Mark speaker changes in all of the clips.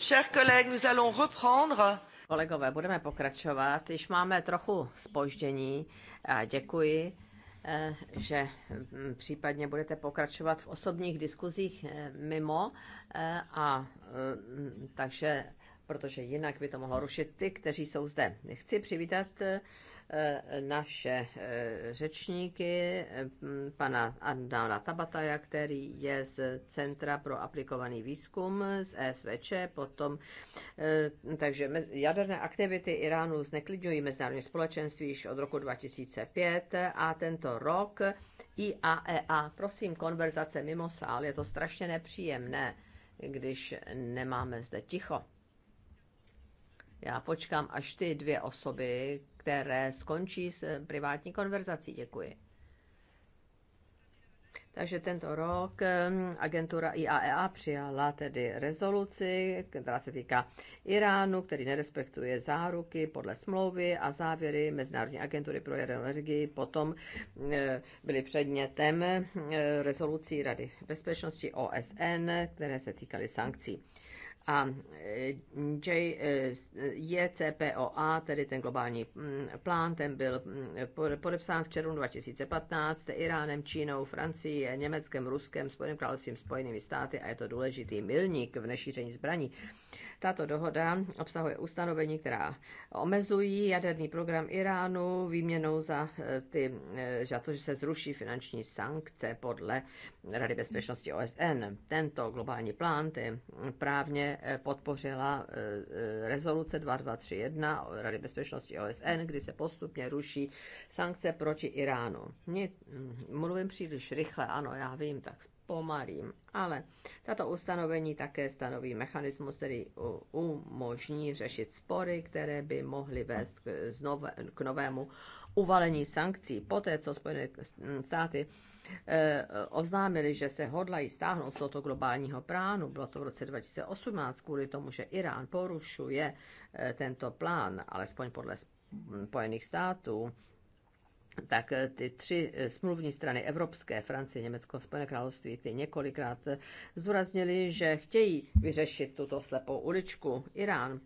Speaker 1: Chers collègues, nous allons reprendre. Kolegové, budeme pokračovat. Již máme trochu spoždění a děkuji, eh, že mm, případně budete pokračovat v osobních diskuzích eh, mimo eh, a mm, takže protože jinak by to mohlo rušit ty, kteří jsou zde. Chci přivítat eh, naše eh, řečníky, eh, pana Adana Tabataja, který je z Centra pro aplikovaný výzkum z ESVČ, potom, takže jaderné aktivity Iránu zneklidňují mezinárodní společenství již od roku 2005 a tento rok IAEA, e prosím, konverzace mimo sál, je to strašně nepříjemné, když nemáme zde ticho. Já počkám až ty dvě osoby, které skončí s eh, privátní konverzací. Děkuji. Takže tento rok ehm, agentura IAEA e přijala tedy rezoluci, která se týká Iránu, který nerespektuje záruky podle smlouvy a závěry Mezinárodní agentury pro jadernou energii. Potom eh, byly předmětem eh, rezolucí Rady bezpečnosti OSN, které se týkaly sankcí a e, JCPOA, e, tedy ten globální mm, plán, ten byl mm, podepsán v červnu 2015 Iránem, Čínou, Francií, Německem, Ruskem, Spojeným královstvím, Spojenými státy a je to důležitý milník v nešíření zbraní. Tato dohoda obsahuje ustanovení, která omezují jaderný program Iránu výměnou za, e, ty, e, za to, že se zruší finanční sankce podle Rady bezpečnosti OSN. Tento globální plán ty právně e, podpořila rezoluce 2231 Rady bezpečnosti OSN, kdy se postupně ruší sankce proti Iránu. Mluvím příliš rychle, ano, já vím, tak zpomalím. Ale tato ustanovení také stanoví mechanismus, který umožní řešit spory, které by mohly vést k, znove, k novému uvalení sankcí. Poté, co Spojené státy eh, oznámili, že se hodlají stáhnout z tohoto globálního plánu. Bylo to v roce 2018 kvůli tomu, že Irán porušuje eh, tento plán, alespoň podle Spojených států tak eh, ty tři eh, smluvní strany evropské, Francie, Německo, Spojené království, ty několikrát eh, zdůraznili, že chtějí vyřešit tuto slepou uličku. Irán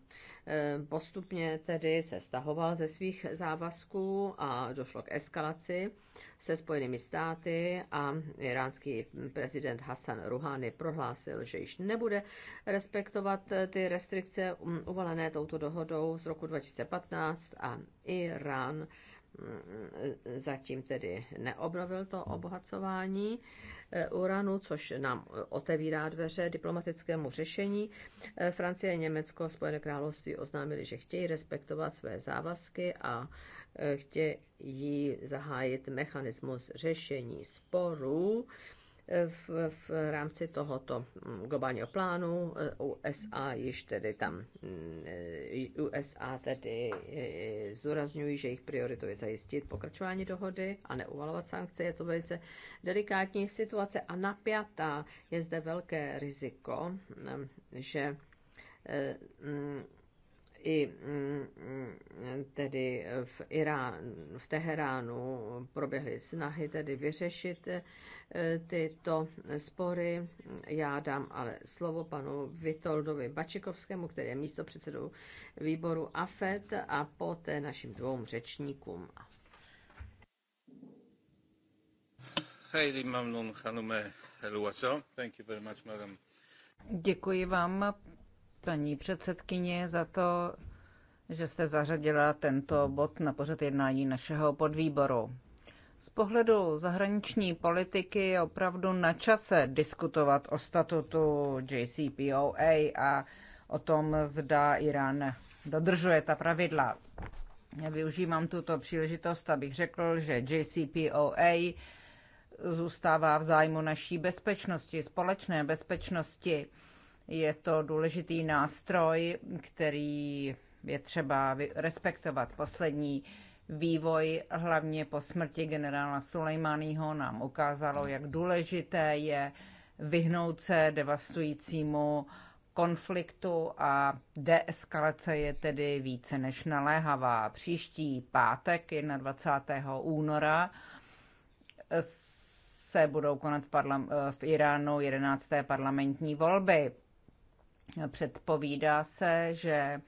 Speaker 1: postupně tedy se stahoval ze svých závazků a došlo k eskalaci se Spojenými státy a iránský prezident Hassan Rouhani prohlásil, že již nebude respektovat ty restrikce mm, uvalené touto dohodou z roku 2015 a Irán Eh, zatím tedy neobnovil to obohacování eh, uranu, což nám otevírá dveře diplomatickému řešení. Eh, Francie, Německo, Spojené království oznámili, že chtějí respektovat své závazky a chtějí zahájit mechanismus řešení sporů v, v rámci tohoto globálního plánu. Eh, USA již tedy tam, mm, eh, USA tedy eh, zdůrazňují, že jejich prioritou je zajistit pokračování dohody a neuvalovat sankce. Je to velice delikátní situace a napjatá. Je zde velké riziko, mm, že mm, i tedy v, Irán, v Teheránu proběhly snahy tedy vyřešit tyto spory. Já dám ale slovo panu Vitoldovi Bačikovskému, který je místo předsedou výboru AFET a poté našim dvou
Speaker 2: řečníkům. Děkuji vám, paní předsedkyně, za to, že jste zařadila tento bod na pořad jednání našeho podvýboru. Z pohledu zahraniční politiky je opravdu na čase diskutovat o statutu JCPOA a o tom, zda Irán dodržuje ta pravidla. Já využívám tuto příležitost, abych řekl, že JCPOA zůstává v zájmu naší bezpečnosti, společné bezpečnosti. Je to důležitý nástroj, který je třeba respektovat. Poslední Vývoj hlavně po smrti generála Sulejmaního nám ukázalo, jak důležité je vyhnout se devastujícímu konfliktu a deeskalace je tedy více než naléhavá. Příští pátek 21. února se budou konat v, parlam- v Iránu 11. parlamentní volby. Předpovídá se, že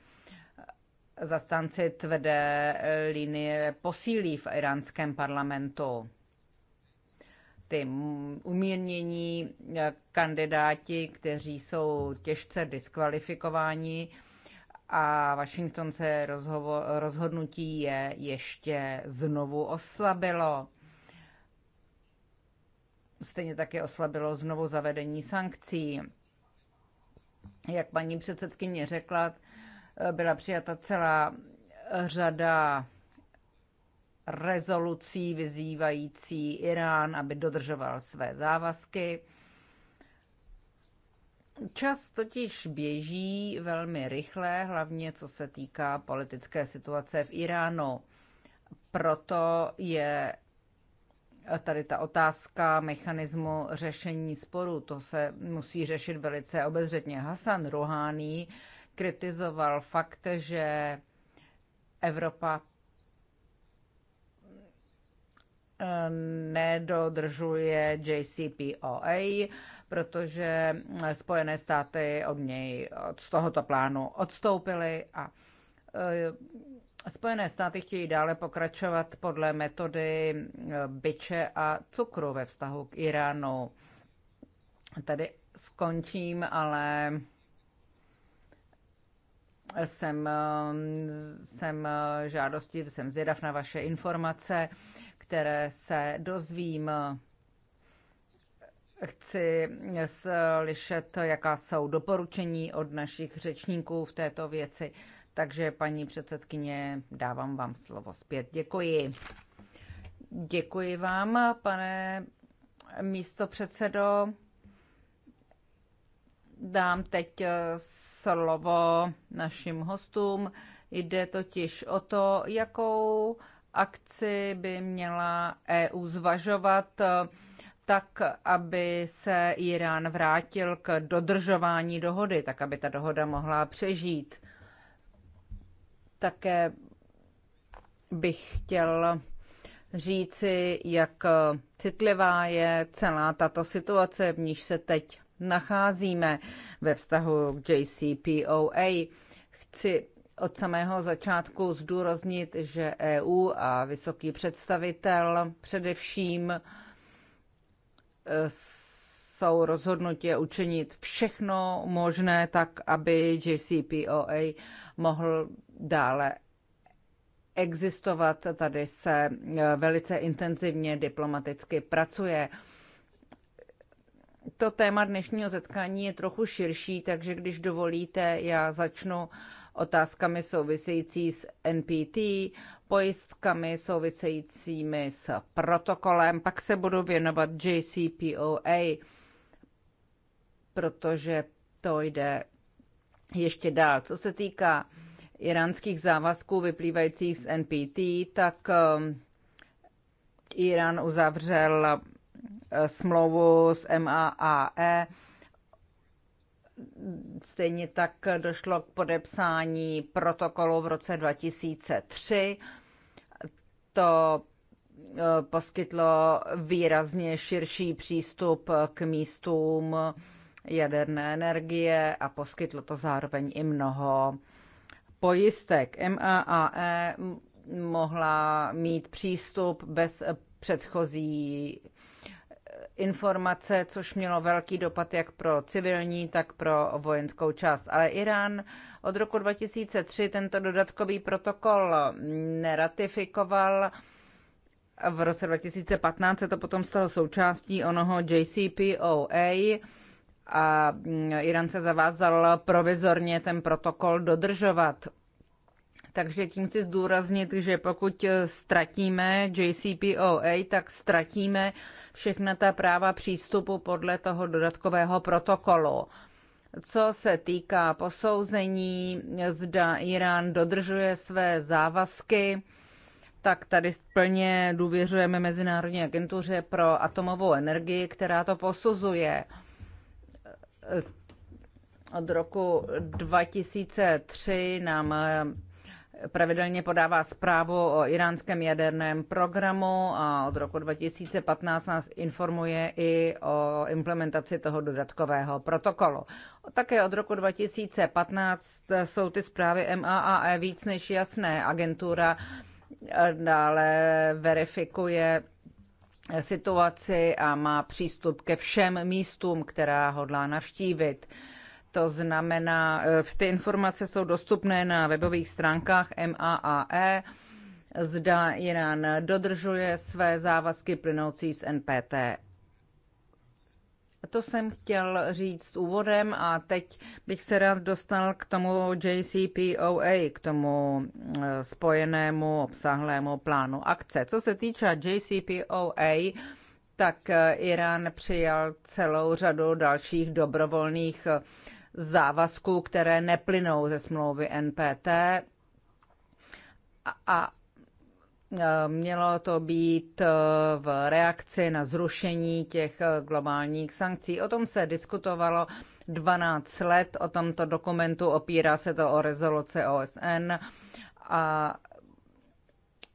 Speaker 2: zastánci tvrdé linie posílí v iránském parlamentu. Ty umírnění kandidáti, kteří jsou těžce diskvalifikováni a Washingtonce rozhodnutí je ještě znovu oslabilo. Stejně také oslabilo znovu zavedení sankcí. Jak paní předsedkyně řekla, Eh, byla přijata celá eh, řada rezolucí vyzývající Irán, aby dodržoval své závazky. Čas totiž běží velmi rychle, hlavně co se týká politické situace v Iránu. Proto je eh, tady ta otázka mechanismu řešení sporu. To se musí řešit velice obezřetně. Hasan Rohání kritizoval fakt, že Evropa eh, nedodržuje JCPOA, protože Spojené státy od něj od z tohoto plánu odstoupily a eh, Spojené státy chtějí dále pokračovat podle metody eh, byče a cukru ve vztahu k Iránu. Tady skončím, ale jsem, eh, jsem eh, žádosti, jsem zvědav na vaše informace, které se dozvím. Chci slyšet, jaká jsou doporučení od našich řečníků v této věci. Takže, paní předsedkyně, dávám vám slovo zpět. Děkuji. Děkuji vám, pane místo předsedo dám teď eh, slovo našim hostům. Jde totiž o to, jakou akci by měla EU zvažovat eh, tak, aby se Irán vrátil k dodržování dohody, tak aby ta dohoda mohla přežít. Také bych chtěl říci, jak citlivá je celá tato situace, v níž se teď nacházíme ve vztahu k JCPOA. Chci od samého začátku zdůraznit, že EU a vysoký představitel především e, jsou rozhodnutě učinit všechno možné tak, aby JCPOA mohl dále existovat. Tady se e, velice intenzivně diplomaticky pracuje to téma dnešního setkání je trochu širší, takže když dovolíte, já začnu otázkami související s NPT, pojistkami souvisejícími s protokolem, pak se budu věnovat JCPOA, protože to jde ještě dál. Co se týká iránských závazků vyplývajících z NPT, tak um, Irán uzavřel smlouvu s MAAE. Stejně tak došlo k podepsání protokolu v roce 2003. To e, poskytlo výrazně širší přístup k místům jaderné energie a poskytlo to zároveň i mnoho pojistek. MAAE mohla mít přístup bez předchozí informace, což mělo velký dopad jak pro civilní, tak pro vojenskou část. Ale Irán od roku 2003 tento dodatkový protokol neratifikoval. V roce 2015 se to potom stalo součástí onoho JCPOA a mm, Irán se zavázal provizorně ten protokol dodržovat. Takže tím chci zdůraznit, že pokud eh, ztratíme JCPOA, tak ztratíme všechna ta práva přístupu podle toho dodatkového protokolu. Co se týká posouzení, zda Irán dodržuje své závazky, tak tady plně důvěřujeme Mezinárodní agentuře pro atomovou energii, která to posuzuje. Od roku 2003 nám pravidelně podává zprávu o iránském jaderném programu a od roku 2015 nás informuje i o implementaci toho dodatkového protokolu. Také od roku 2015 jsou ty zprávy MAAE víc než jasné. Agentura dále verifikuje situaci a má přístup ke všem místům, která hodlá navštívit. To znamená, e, ty informace jsou dostupné na webových stránkách MAAE, zda Irán dodržuje své závazky plynoucí z NPT. To jsem chtěl říct úvodem a teď bych se rád dostal k tomu JCPOA, k tomu e, spojenému obsáhlému plánu akce. Co se týče JCPOA, tak e, Irán přijal celou řadu dalších dobrovolných závazků, které neplynou ze smlouvy NPT. A e, mělo to být e, v reakci na zrušení těch e, globálních sankcí. O tom se diskutovalo 12 let, o tomto dokumentu opírá se to o rezoluce OSN a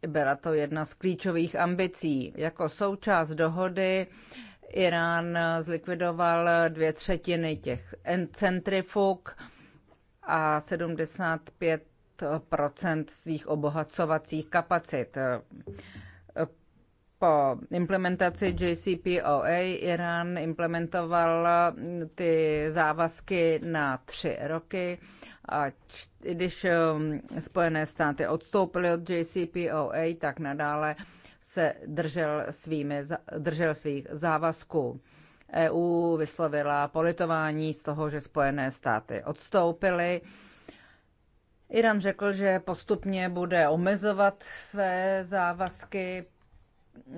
Speaker 2: byla to jedna z klíčových ambicí. Jako součást dohody Irán zlikvidoval dvě třetiny těch centrifug a 75 svých obohacovacích kapacit. Po implementaci JCPOA Irán implementoval ty závazky na tři roky a když um, Spojené státy odstoupily od JCPOA, tak nadále se držel, svými, držel svých závazků. EU vyslovila politování z toho, že Spojené státy odstoupily. Irán řekl, že postupně bude omezovat své závazky,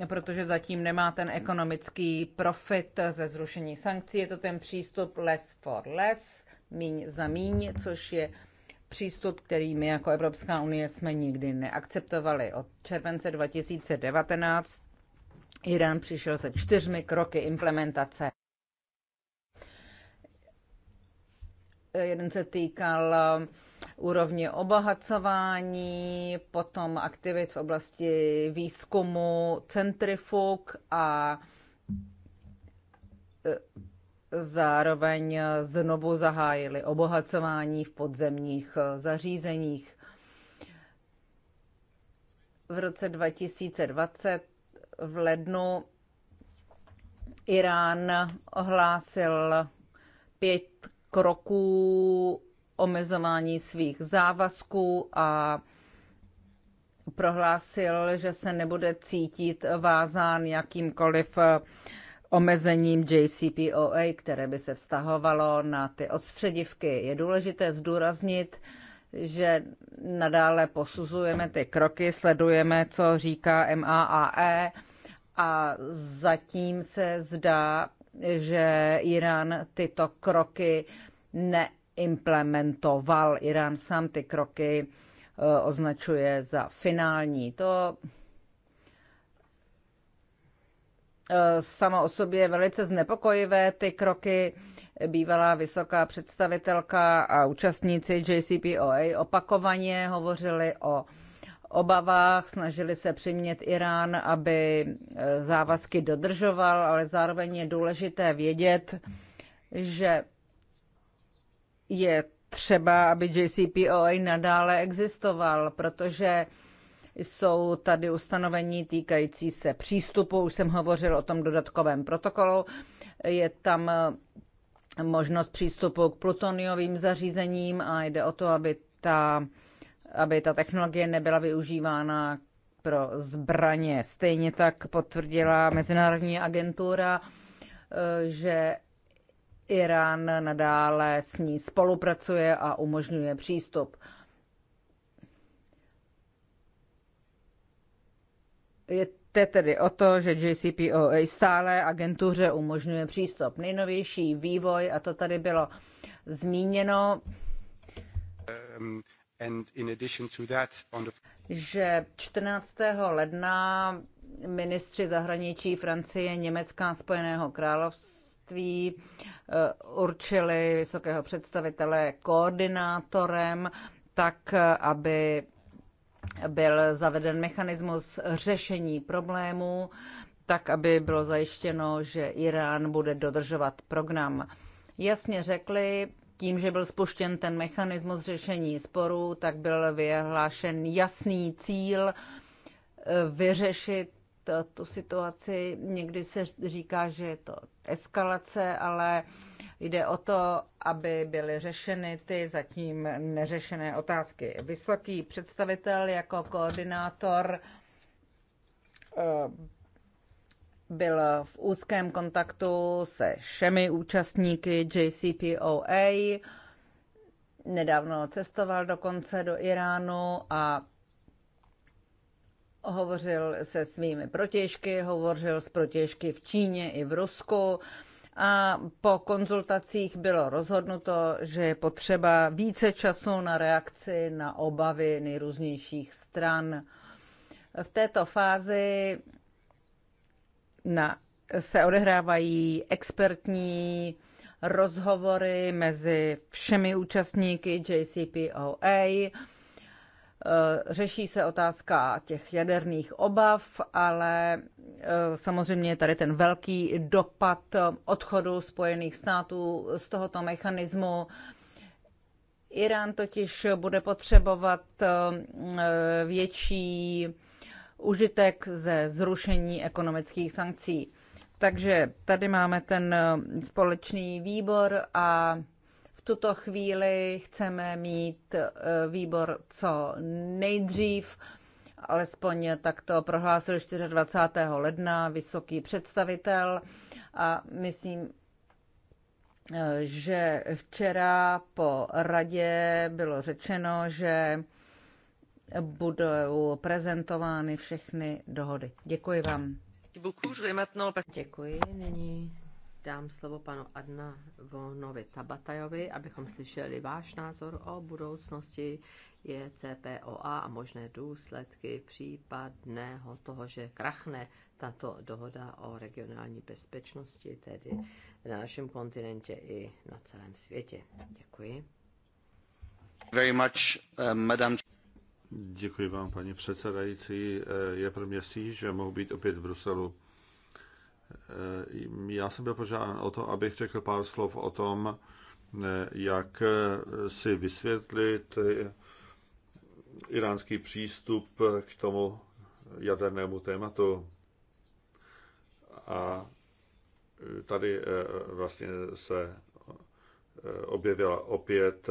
Speaker 2: protože zatím nemá ten ekonomický profit ze zrušení sankcí. Je to ten přístup less for less, míň za míň, což je přístup, který my jako Evropská unie jsme nikdy neakceptovali. Od července 2019 Irán přišel se čtyřmi kroky implementace. Jeden se týkal eh, úrovně obohacování, potom aktivit v oblasti výzkumu centrifug a eh, zároveň znovu zahájili obohacování v podzemních eh, zařízeních. V roce 2020 v lednu Irán ohlásil pět kroků omezování svých závazků a prohlásil, že se nebude cítit vázán jakýmkoliv eh, omezením JCPOA, které by se vztahovalo na ty odstředivky. Je důležité zdůraznit, že nadále posuzujeme ty kroky, sledujeme, co říká MAAE a zatím se zdá, že Irán tyto kroky neimplementoval. Irán sám ty kroky eh, označuje za finální. To samo o sobě velice znepokojivé ty kroky. Bývalá vysoká představitelka a účastníci JCPOA opakovaně hovořili o obavách, snažili se přimět Irán, aby e, závazky dodržoval, ale zároveň je důležité vědět, že je třeba, aby JCPOA nadále existoval, protože jsou tady ustanovení týkající se přístupu, už jsem hovořil o tom dodatkovém protokolu. Je tam eh, možnost přístupu k plutoniovým zařízením a jde o to, aby ta, aby ta technologie nebyla využívána pro zbraně. Stejně tak potvrdila Mezinárodní agentura, eh, že Irán nadále s ní spolupracuje a umožňuje přístup. Je to tedy o to, že JCPOA stále agentuře umožňuje přístup nejnovější vývoj a to tady bylo zmíněno, um, že 14. ledna ministři zahraničí Francie, Německa a Spojeného království eh, určili vysokého představitele koordinátorem tak, eh, aby byl zaveden mechanismus řešení problémů, tak aby bylo zajištěno, že Irán bude dodržovat program. Jasně řekli, tím, že byl spuštěn ten mechanismus řešení sporů, tak byl vyhlášen jasný cíl eh, vyřešit tu situaci. Někdy se říká, že je to eskalace, ale Jde o to, aby byly řešeny ty zatím neřešené otázky. Vysoký představitel jako koordinátor eh, byl v úzkém kontaktu se všemi účastníky JCPOA. Nedávno cestoval dokonce do Iránu a hovořil se svými protěžky, hovořil s protěžky v Číně i v Rusku a po konzultacích bylo rozhodnuto, že je potřeba více času na reakci na obavy nejrůznějších stran. V této fázi na, se odehrávají expertní rozhovory mezi všemi účastníky JCPOA, Eh, řeší se otázka těch jaderných obav, ale eh, samozřejmě je tady ten velký dopad odchodu Spojených států z tohoto mechanismu. Irán totiž bude potřebovat eh, větší užitek ze zrušení ekonomických sankcí. Takže tady máme ten společný výbor a tuto chvíli chceme mít e, výbor co nejdřív, alespoň tak to prohlásil 24. ledna vysoký představitel a myslím, e, že včera po radě bylo řečeno, že budou prezentovány všechny dohody. Děkuji vám.
Speaker 1: Děkuji. Nyní dám slovo panu Adna Vonovi Tabatajovi, abychom slyšeli váš názor o budoucnosti JCPOA a možné důsledky případného toho, že krachne tato dohoda o regionální bezpečnosti, tedy na našem kontinentě i na celém světě. Děkuji.
Speaker 3: Very much, uh, madam. Děkuji vám, paní předsedající. Eh, je pro mě si, že mohu být opět v Bruselu. Já jsem byl požádán o to, abych řekl pár slov o tom, jak si vysvětlit iránský přístup k tomu jadernému tématu. A tady eh, vlastně se eh, objevila opět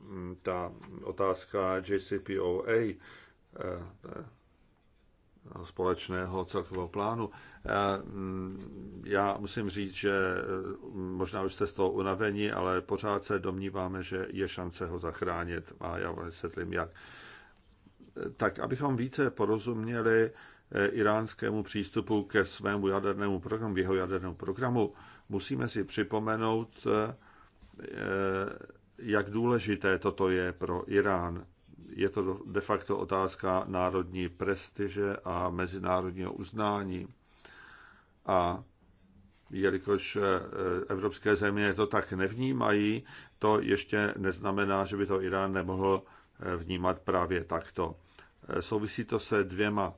Speaker 3: hm, ta otázka JCPOA, eh, společného celkového plánu. Mm, já musím říct, že mm, možná už jste z toho unavení, ale pořád se domníváme, že je šance ho zachránit a já vám vysvětlím, jak. Tak, abychom více porozuměli eh, iránskému přístupu ke svému jadernému programu, jeho jadernému programu, musíme si připomenout, eh, eh, jak důležité toto je pro Irán. Je to de facto otázka národní prestiže a mezinárodního uznání. A jelikož eh, evropské země to tak nevnímají, to ještě neznamená, že by to Irán nemohl eh, vnímat právě takto. Eh, souvisí to se dvěma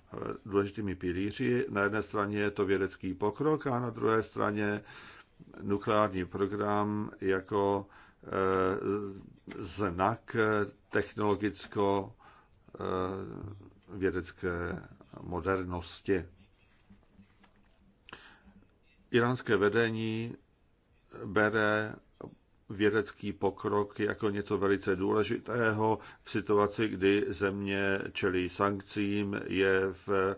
Speaker 3: důležitými pilíři. Na jedné straně je to vědecký pokrok a na druhé straně nukleární program jako znak technologicko-vědecké modernosti. Iránské vedení bere vědecký pokrok jako něco velice důležitého v situaci, kdy země čelí sankcím, je v eh,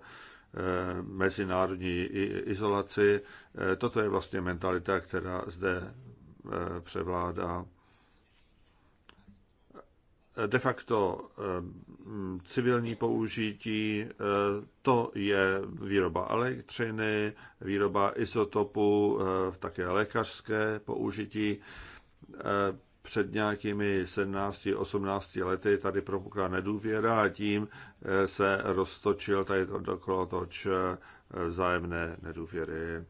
Speaker 3: mezinárodní izolaci. Eh, toto je vlastně mentalita, která zde eh, převládá de facto eh, civilní použití, eh, to je výroba elektřiny, výroba izotopu, eh, také lékařské použití. Před nějakými 17-18 lety tady propukla nedůvěra a tím se roztočil tady to dokolotoč vzájemné nedůvěry.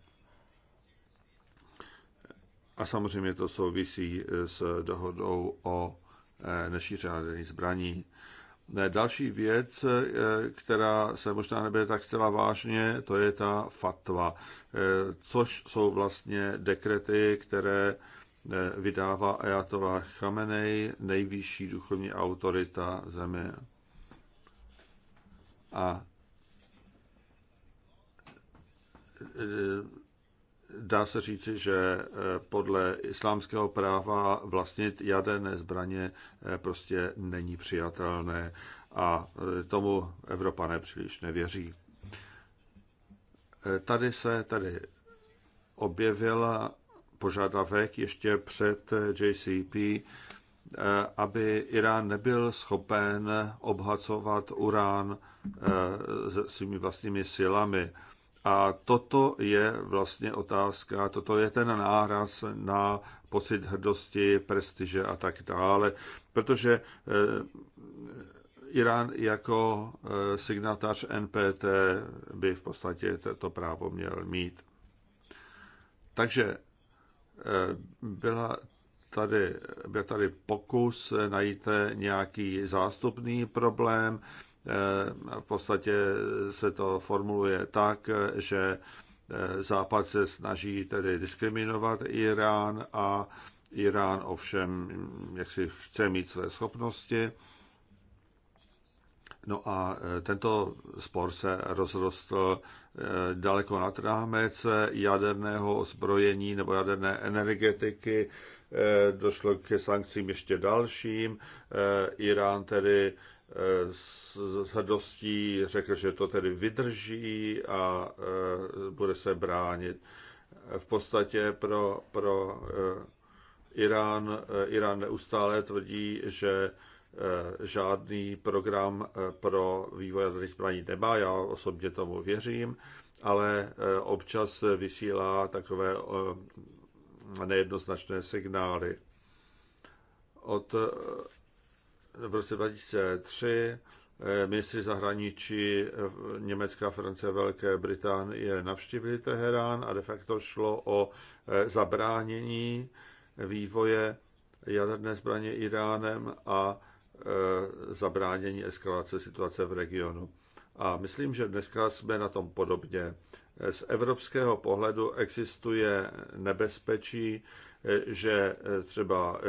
Speaker 3: A samozřejmě to souvisí s dohodou o Eh, nešíření zbraní. Další věc, eh, která se možná nebude tak zcela vážně, to je ta fatva, eh, což jsou vlastně dekrety, které vydává Ayatollah Khamenei, nejvyšší duchovní autorita země. A dá se říci, že eh, podle islámského práva vlastnit jaderné zbraně eh, prostě není přijatelné a eh, tomu Evropa nepříliš nevěří. Tady se tady objevila požadavek ještě před JCP, aby Irán nebyl schopen obhacovat urán svými vlastními silami. A toto je vlastně otázka, toto je ten náraz na pocit hrdosti, prestiže a tak dále, protože eh, Irán jako eh, signatář NPT by v podstatě to právo měl mít. Takže eh, byla tady, byl tady pokus najít nějaký zástupný problém, Eh, v podstatě se to formuluje tak, že eh, Západ se snaží tedy diskriminovat Irán a Irán ovšem hm, jak si chce mít své schopnosti. No a eh, tento spor se rozrostl daleko nad rámec jaderného zbrojení nebo jaderné energetiky. Došlo k sankcím ještě dalším. Irán tedy Eh, s, s hrdostí řekl, že to tedy vydrží a eh, bude se bránit. V podstatě pro, pro eh, Irán, Irán neustále tvrdí, že žádný program pro vývoj jaderných zbraní nemá, já osobně tomu věřím, ale občas vysílá takové nejednoznačné signály. Od v roce 2003 eh, ministři zahraničí eh, Německa, Francie, Velké Británie navštívili Teherán a de facto šlo o eh, zabránění vývoje jaderné zbraně Iránem a zabránění eskalace situace v regionu. A myslím, že dneska jsme na tom podobně. Z evropského pohledu existuje nebezpečí, že třeba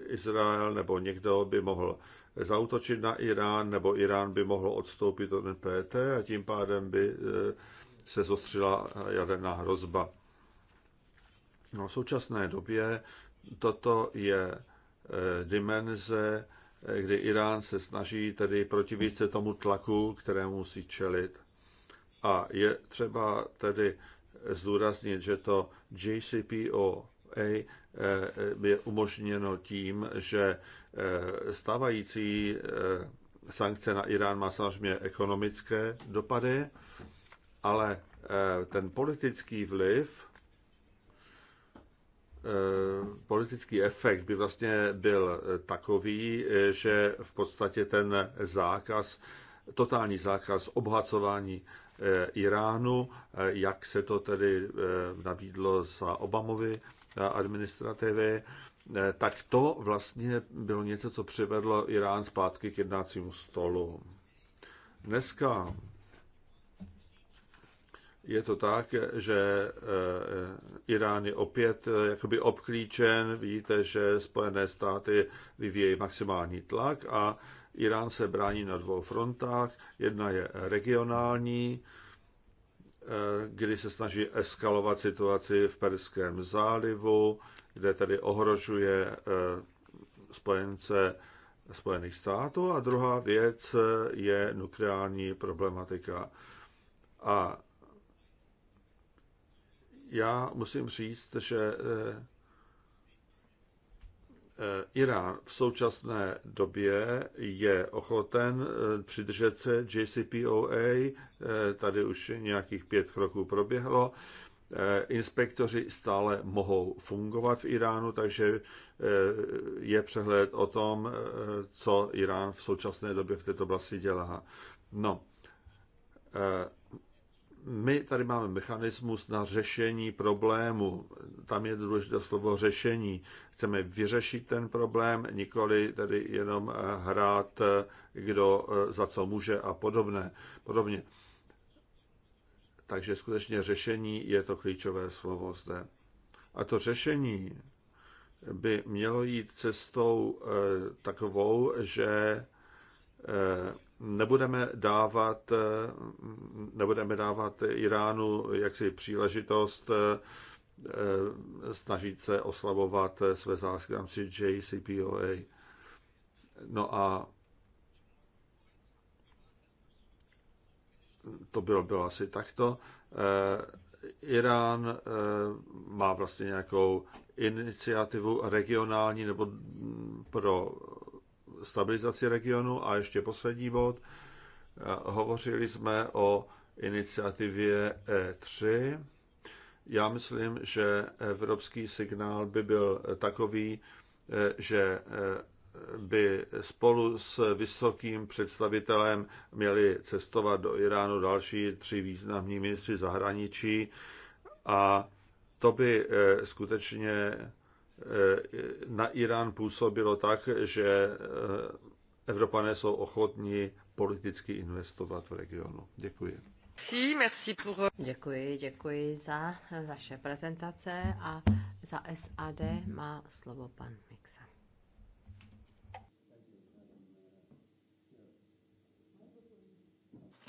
Speaker 3: eh, Izrael nebo někdo by mohl zautočit na Irán, nebo Irán by mohl odstoupit od NPT a tím pádem by eh, se zostřila jaderná hrozba. No, v současné době toto je eh, dimenze, kdy Irán se snaží tedy protivíce tomu tlaku, kterému musí čelit. A je třeba tedy zdůraznit, že to JCPOA eh, je umožněno tím, že eh, stávající eh, sankce na Irán má samozřejmě ekonomické dopady, ale ten politický vliv, politický efekt by vlastně byl takový, že v podstatě ten zákaz, totální zákaz obhacování Eh, Iránu, eh, jak se to tedy eh, nabídlo za Obamovy administrativy, tak to vlastně bylo něco, co přivedlo Irán zpátky k jednacímu stolu. Dneska je to tak, že Irán je opět jakoby obklíčen. Vidíte, že Spojené státy vyvíjejí maximální tlak a Irán se brání na dvou frontách. Jedna je regionální, eh, kdy se snaží eskalovat situaci v Perském zálivu, kde tedy ohrožuje eh, spojence Spojených států. A druhá věc eh, je nukleární problematika. A já musím říct, že Eh, Irán v současné době je ochoten eh, přidržet se JCPOA, eh, tady už nějakých pět kroků proběhlo. Inspektoři stále mohou fungovat v Iránu, takže je přehled o tom, co Irán v současné době v této oblasti dělá. No, my tady máme mechanismus na řešení problému. Tam je důležité slovo řešení. Chceme vyřešit ten problém, nikoli tedy jenom eh, hrát, eh, kdo eh, za co může a podobné. podobně. Takže skutečně řešení je to klíčové slovo zde. A to řešení by mělo jít cestou takovou, že nebudeme dávat, nebudeme dávat Iránu jaksi příležitost eh, eh, snažit se oslabovat své zásky v rámci JCPOA. No a to bylo, bylo asi takto. Eh, Irán má vlastně nějakou iniciativu regionální nebo pro stabilizaci regionu. A ještě poslední bod. Hovořili jsme o iniciativě E3. Já myslím, že evropský signál by byl takový, e, že e, by spolu s vysokým představitelem měli cestovat do Iránu další tři významní ministři zahraničí a to by e, skutečně Eh, na Irán působilo tak, že eh, Evropané jsou ochotní politicky investovat v regionu. Děkuji.
Speaker 1: Eh. Děkuji, děkuji za vaše prezentace a za SAD má slovo pan Mixa.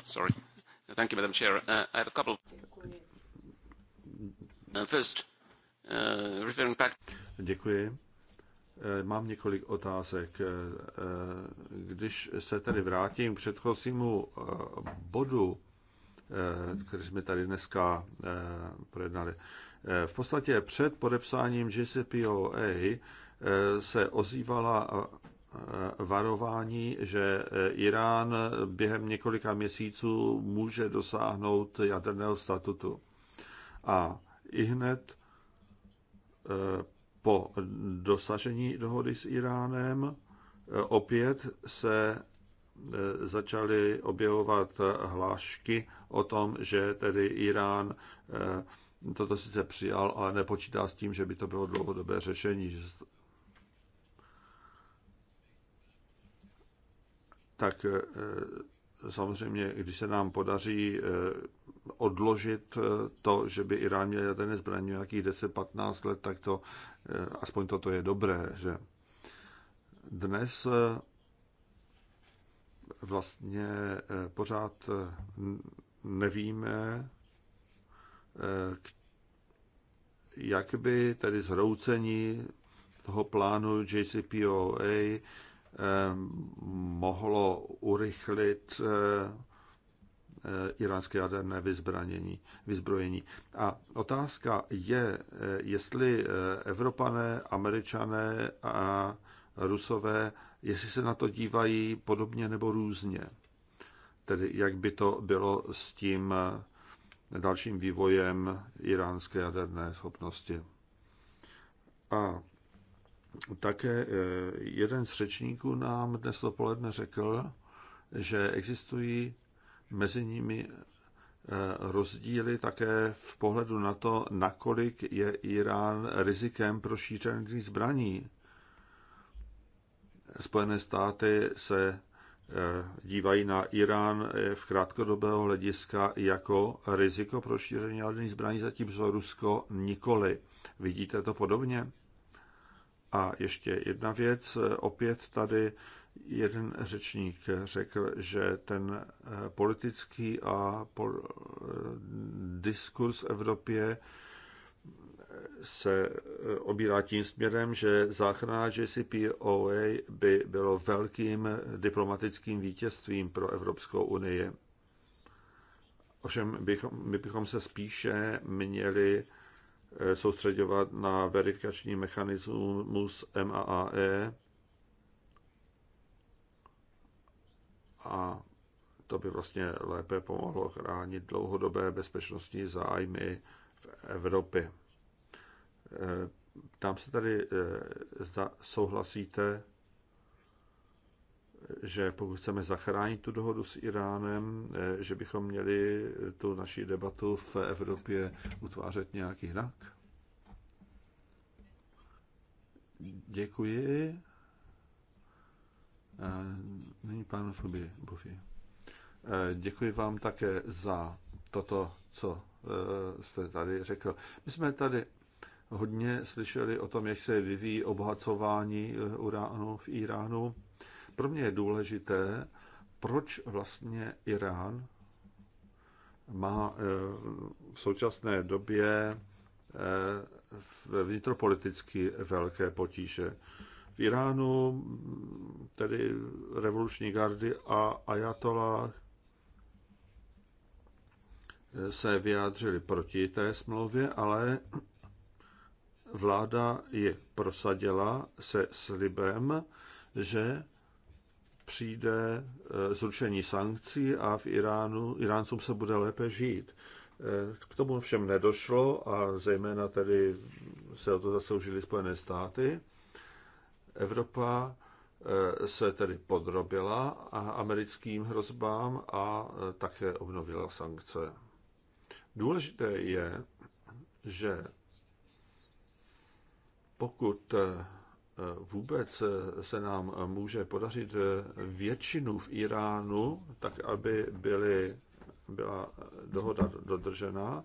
Speaker 3: Sorry. Thank you, Madam Chair. Uh, I have a couple. Uh, first, uh, referring back Děkuji. Eh, mám několik otázek. Eh, eh, když se tady vrátím k předchozímu bodu, který jsme tady dneska projednali, v podstatě před podepsáním GCPOA se ozývala varování, že Irán během několika měsíců může dosáhnout jaderného statutu. A i hned po dosažení dohody s Iránem e, opět se e, začaly objevovat hlášky o tom, že tedy Irán e, toto sice přijal, ale nepočítá s tím, že by to bylo dlouhodobé řešení. Tak samozřejmě, když se nám podaří odložit eh, to, že by Irán měl jaderné zbraně nějakých 10-15 let, tak to eh, aspoň toto je dobré, že dnes eh, vlastně pořád nevíme, jak by tedy zhroucení toho plánu JCPOA mohlo urychlit Eh, iránské jaderné vyzbranění, vyzbrojení. A otázka je, eh, jestli eh, Evropané, Američané a Rusové, jestli se na to dívají podobně nebo různě. Tedy jak by to bylo s tím dalším vývojem iránské jaderné schopnosti. A také jeden z řečníků nám dnes dopoledne řekl, že existují mezi nimi eh, rozdíly také v pohledu na to, nakolik je Irán rizikem pro šíření zbraní. Spojené státy se eh, dívají na Irán eh, v krátkodobého hlediska jako riziko pro šíření jaderných zbraní, zatímco Rusko nikoli. Vidíte to podobně? A ještě jedna věc, opět tady jeden řečník řekl, že ten eh, politický a eh, diskurs v Evropě eh, se obírá tím směrem, že záchrana JCPOA by bylo velkým diplomatickým vítězstvím pro Evropskou unii. Ovšem, bychom, my bychom se spíše měli soustředovat na verifikační mechanismus MAAE, a to by vlastně lépe pomohlo chránit dlouhodobé bezpečnostní zájmy v Evropě. E, tam se tady, e, zda souhlasíte, že pokud chceme zachránit tu dohodu s Iránem, e, že bychom měli tu naši debatu v Evropě utvářet nějak jinak? Děkuji. Eh, není pan Fubi, eh, Děkuji vám také za toto, co eh, jste tady řekl. My jsme tady hodně slyšeli o tom, jak se vyvíjí obohacování uránu v Iránu. Pro mě je důležité, proč vlastně Irán má v současné době vnitropoliticky velké potíže. Iránu, tedy revoluční gardy a ajatola se vyjádřili proti té smlouvě, ale vláda ji prosadila se slibem, že přijde eh, zrušení sankcí a v Iránu, Iráncům se bude lépe žít. Eh, k tomu všem nedošlo a zejména tedy se o to zasloužili Spojené státy. Evropa eh, se tedy podrobila americkým hrozbám a eh, také obnovila sankce. Důležité je, že pokud eh, vůbec se nám může podařit většinu v Iránu, tak aby byly, byla dohoda dodržena,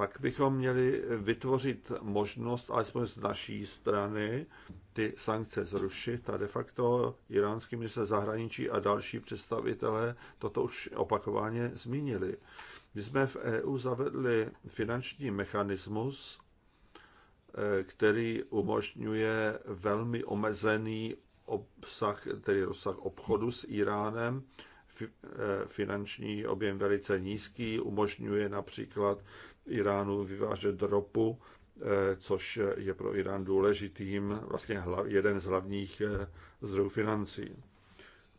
Speaker 3: pak bychom měli vytvořit možnost, alespoň z naší strany, ty sankce zrušit a de facto iránský minister zahraničí a další představitelé toto už opakovaně zmínili. My jsme v EU zavedli finanční mechanismus, eh, který umožňuje velmi omezený obsah, tedy rozsah obchodu s Iránem, eh, finanční objem velice nízký, umožňuje například Iránu vyvážet ropu, eh, což je pro Irán důležitým, vlastně jeden z hlavních eh, zdrojů financí.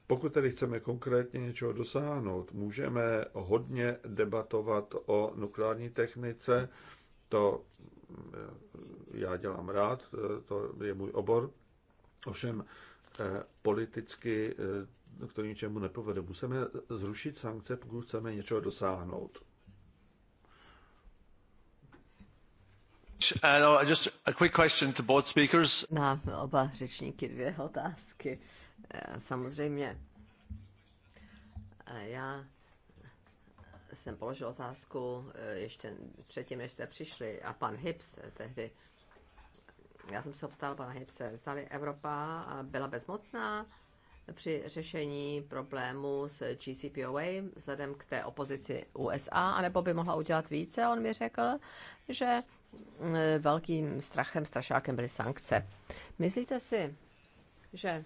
Speaker 3: Pokud tedy chceme konkrétně něčeho dosáhnout, můžeme hodně debatovat o nukleární technice, to eh, já dělám rád, to je můj obor. Ovšem politicky k to ničemu nepovede. Musíme zrušit sankce, pokud chceme něčeho dosáhnout.
Speaker 1: Uh, Na oba řečníky dvě otázky. Samozřejmě. Já jsem položil otázku eh, ještě předtím, než jste přišli, a pan Hibbs eh, tehdy. Já jsem se ptal pana Hibse, zdali Evropa eh, byla bezmocná při řešení problému s GCPOA vzhledem k té opozici USA, anebo by mohla udělat více. On mi řekl, že Eh, velkým strachem, strašákem byly sankce. Myslíte si, že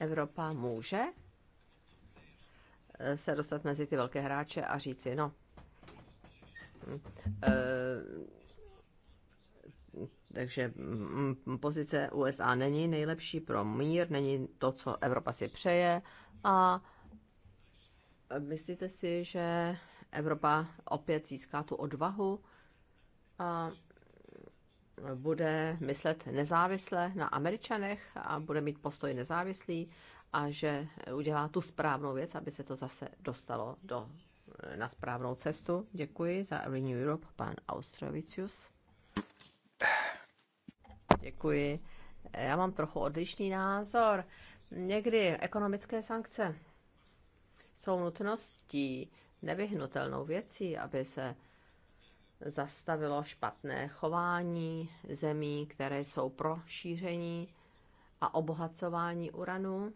Speaker 1: Evropa může eh, se dostat mezi ty velké hráče a říci, no, eh, takže mm, mm, pozice USA není nejlepší pro mír, není to, co Evropa si přeje. A myslíte si, že Evropa opět získá tu odvahu a bude myslet nezávisle na Američanech a bude mít postoj nezávislý a že udělá tu správnou věc, aby se to zase dostalo do, na správnou cestu. Děkuji za Renew Europe, pan Austrovicius. Děkuji. Já mám trochu odlišný názor. Někdy ekonomické sankce jsou nutností, nevyhnutelnou věcí, aby se zastavilo špatné chování zemí, které jsou pro šíření a obohacování uranu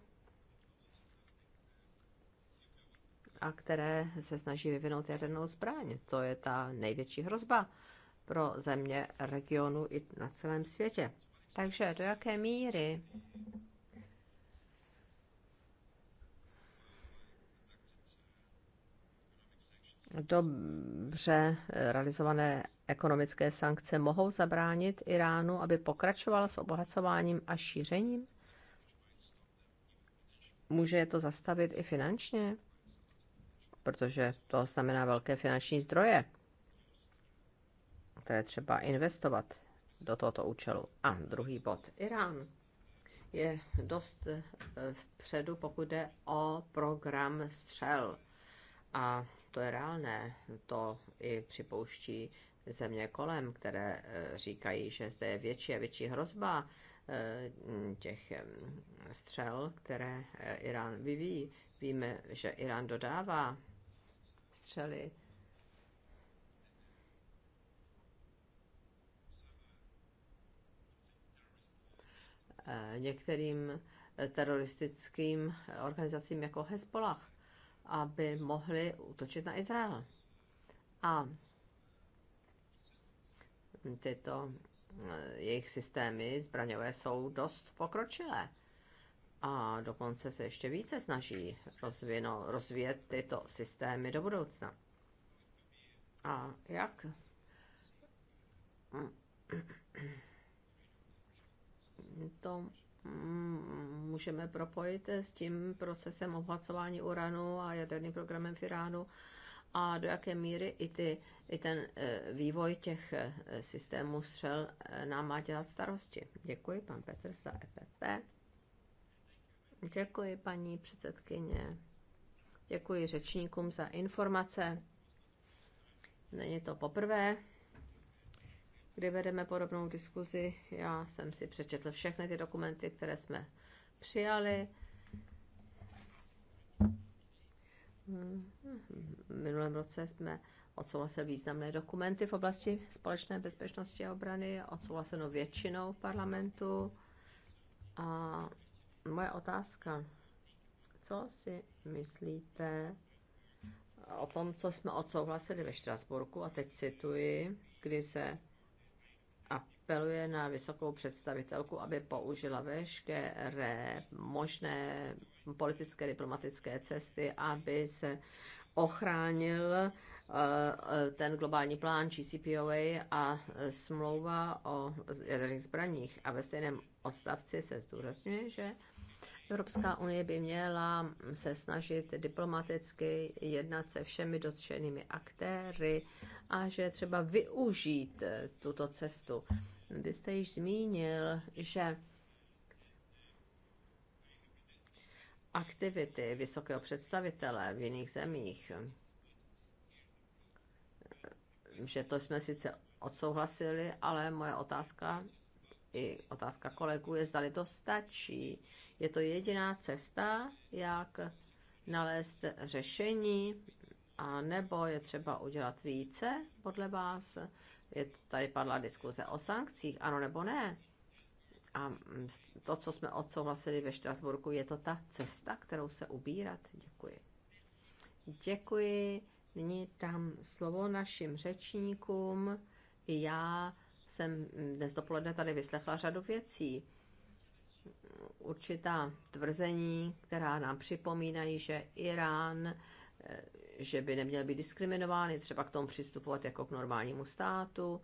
Speaker 1: a které se snaží vyvinout jadernou zbraň. To je ta největší hrozba pro země regionu i na celém světě. Takže do jaké míry dobře eh, realizované ekonomické sankce mohou zabránit Iránu, aby pokračoval s obohacováním a šířením? Může je to zastavit i finančně? Protože to znamená velké finanční zdroje, které třeba investovat do tohoto účelu. A druhý bod. Irán je dost eh, vpředu, pokud jde o program střel. A to je reálné. To i připouští země kolem, které eh, říkají, že zde je větší a větší hrozba eh, těch střel, které eh, Irán vyvíjí. Víme, že Irán dodává střely. některým teroristickým organizacím jako Hezbollah aby mohli útočit na Izrael. A tyto eh, jejich systémy zbraňové jsou dost pokročilé. A dokonce se ještě více snaží rozvino, rozvíjet tyto systémy do budoucna. A jak? To Mm, můžeme propojit s tím procesem obhacování uranu a jaderným programem v Iránu a do jaké míry i, ty, i ten eh, vývoj těch eh, systémů střel eh, nám má dělat starosti. Děkuji, pan Petr za EPP. Děkuji, paní předsedkyně. Děkuji řečníkům za informace. Není to poprvé, kdy vedeme podobnou diskuzi. Já jsem si přečetl všechny ty dokumenty, které jsme přijali. V minulém roce jsme odsouhlasili významné dokumenty v oblasti společné bezpečnosti a obrany, odsouhlaseno většinou parlamentu. A moje otázka, co si myslíte o tom, co jsme odsouhlasili ve Štrasburku, a teď cituji, kdy se apeluje na vysokou představitelku, aby použila veškeré možné politické diplomatické cesty, aby se ochránil eh, ten globální plán GCPOA a smlouva o jaderných zbraních. A ve stejném odstavci se zdůrazňuje, že Evropská unie by měla se snažit diplomaticky jednat se všemi dotčenými aktéry a že třeba využít eh, tuto cestu. Vy jste již zmínil, že aktivity vysokého představitele v jiných zemích, že to jsme sice odsouhlasili, ale moje otázka i otázka kolegů je, zdali to stačí. Je to jediná cesta, jak nalézt řešení, a nebo je třeba udělat více podle vás, je, tady padla diskuze o sankcích, ano nebo ne. A to, co jsme odsouhlasili ve Štrasburku, je to ta cesta, kterou se ubírat. Děkuji. Děkuji. Nyní tam slovo našim řečníkům. I já jsem dnes dopoledne tady vyslechla řadu věcí. Určitá tvrzení, která nám připomínají, že Irán eh, že by neměl být diskriminovány, třeba k tomu přistupovat jako k normálnímu státu.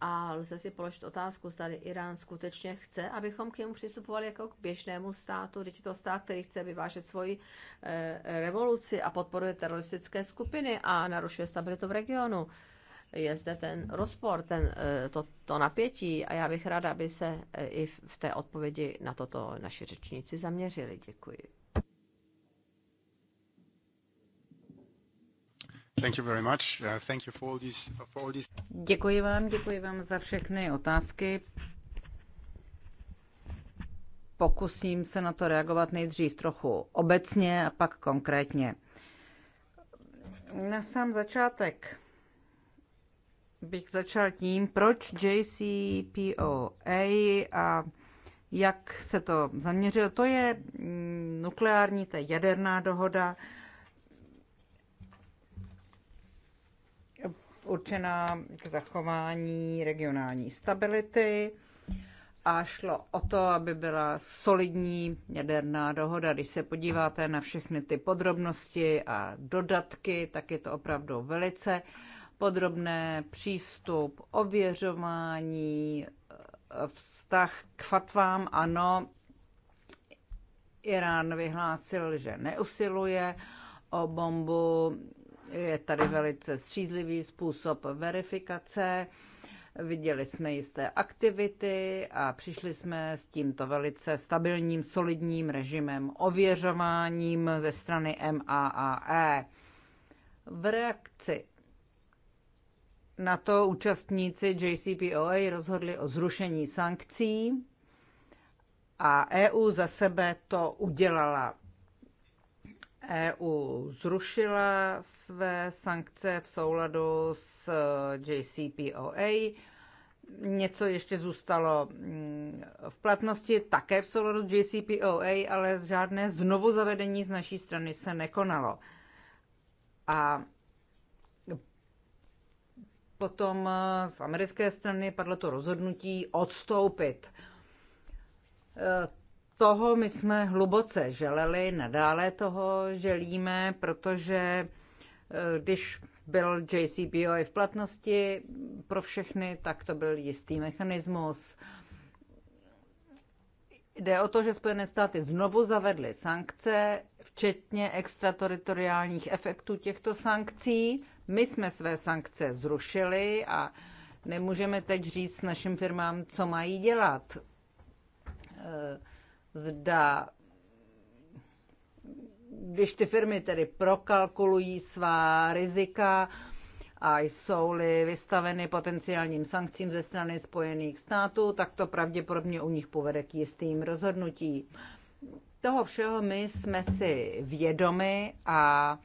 Speaker 1: A lze si položit otázku, zda Irán skutečně chce, abychom k němu přistupovali jako k běžnému státu, když je to stát, který chce vyvážet svoji e, revoluci a podporuje teroristické skupiny a narušuje stabilitu v regionu. Je zde ten rozpor, ten, e, to, to napětí a já bych ráda, aby se e, i v té odpovědi na toto naši řečníci zaměřili. Děkuji.
Speaker 2: Děkuji vám, děkuji vám za všechny otázky. Pokusím se na to reagovat nejdřív trochu obecně a pak konkrétně. Na sám začátek bych začal tím, proč JCPOA a jak se to zaměřilo. To je mm, nukleární, to je jaderná dohoda. určená k zachování regionální stability a šlo o to, aby byla solidní jaderná dohoda. Když se podíváte na všechny ty podrobnosti a dodatky, tak je to opravdu velice podrobné přístup, ověřování, vztah k fatvám, ano, Irán vyhlásil, že neusiluje o bombu je tady velice střízlivý způsob verifikace. Viděli jsme jisté aktivity a přišli jsme s tímto velice stabilním, solidním režimem ověřováním ze strany MAAE. V reakci na to účastníci JCPOA rozhodli o zrušení sankcí a EU za sebe to udělala. EU zrušila své sankce v souladu s eh, JCPOA. Něco ještě zůstalo mm, v platnosti také v souladu s JCPOA, ale žádné znovu zavedení z naší strany se nekonalo. A potom eh, z americké strany padlo to rozhodnutí odstoupit eh, toho my jsme hluboce želeli, nadále toho želíme, protože eh, když byl i v platnosti pro všechny, tak to byl jistý mechanismus. Jde o to, že Spojené státy znovu zavedly sankce, včetně extrateritoriálních efektů těchto sankcí. My jsme své sankce zrušili a nemůžeme teď říct našim firmám, co mají dělat. E zda když ty firmy tedy prokalkulují svá rizika a jsou-li vystaveny potenciálním sankcím ze strany Spojených států, tak to pravděpodobně u nich povede k jistým rozhodnutí. Toho všeho my jsme si vědomi a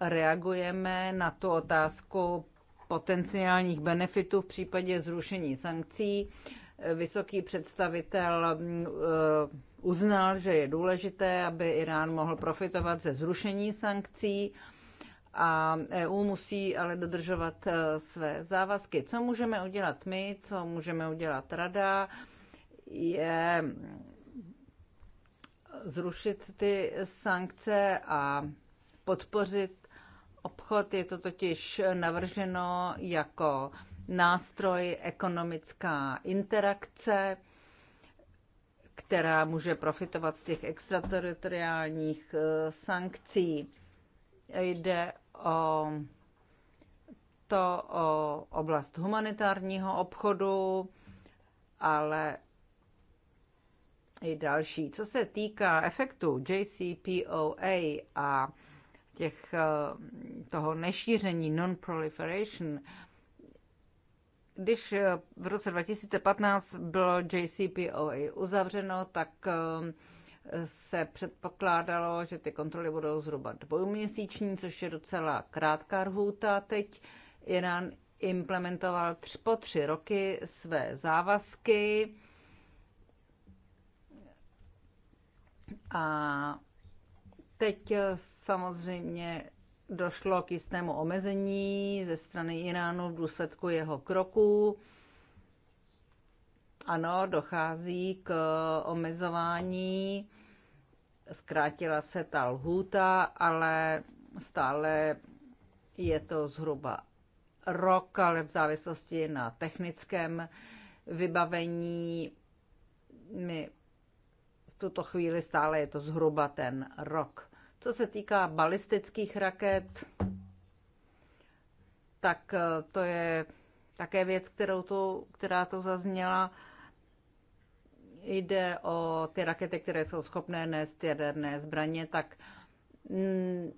Speaker 2: reagujeme na tu otázku potenciálních benefitů v případě zrušení sankcí vysoký představitel eh, uznal, že je důležité, aby Irán mohl profitovat ze zrušení sankcí a EU musí ale dodržovat eh, své závazky. Co můžeme udělat my, co můžeme udělat Rada, je zrušit ty sankce a podpořit obchod. Je to totiž navrženo jako nástroj ekonomická interakce, která může profitovat z těch extrateritoriálních eh, sankcí. Jde o to o oblast humanitárního obchodu, ale i další. Co se týká efektu JCPOA a těch, eh, toho nešíření non-proliferation, když eh, v roce 2015 bylo JCPOA uzavřeno, tak eh, se předpokládalo, že ty kontroly budou zhruba dvouměsíční, což je docela krátká rhůta. Teď Irán implementoval tři, po tři roky své závazky a teď eh, samozřejmě došlo k jistému omezení ze strany Iránu v důsledku jeho kroku, Ano, dochází k omezování, zkrátila se ta lhůta, ale stále je to zhruba rok, ale v závislosti na technickém vybavení my v tuto chvíli stále je to zhruba ten rok. Co se týká balistických raket, tak eh, to je také věc, kterou tu, která tu zazněla. Jde o ty rakety, které jsou schopné nést jaderné zbraně, tak mm,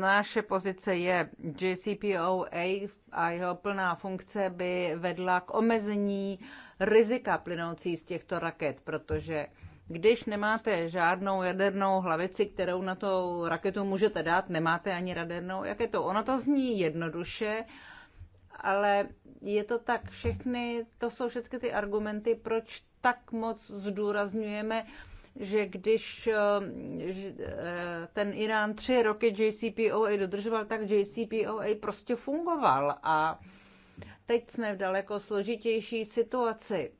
Speaker 2: naše pozice je JCPOA a jeho plná funkce by vedla k omezení rizika plynoucí z těchto raket, protože když nemáte žádnou jadernou hlavici, kterou na tu raketu můžete dát, nemáte ani radernou, jak je to? Ono to zní jednoduše, ale je to tak, všechny, to jsou všechny ty argumenty, proč tak moc zdůrazňujeme, že když eh, eh, ten Irán tři roky JCPOA dodržoval, tak JCPOA prostě fungoval a teď jsme v daleko složitější situaci.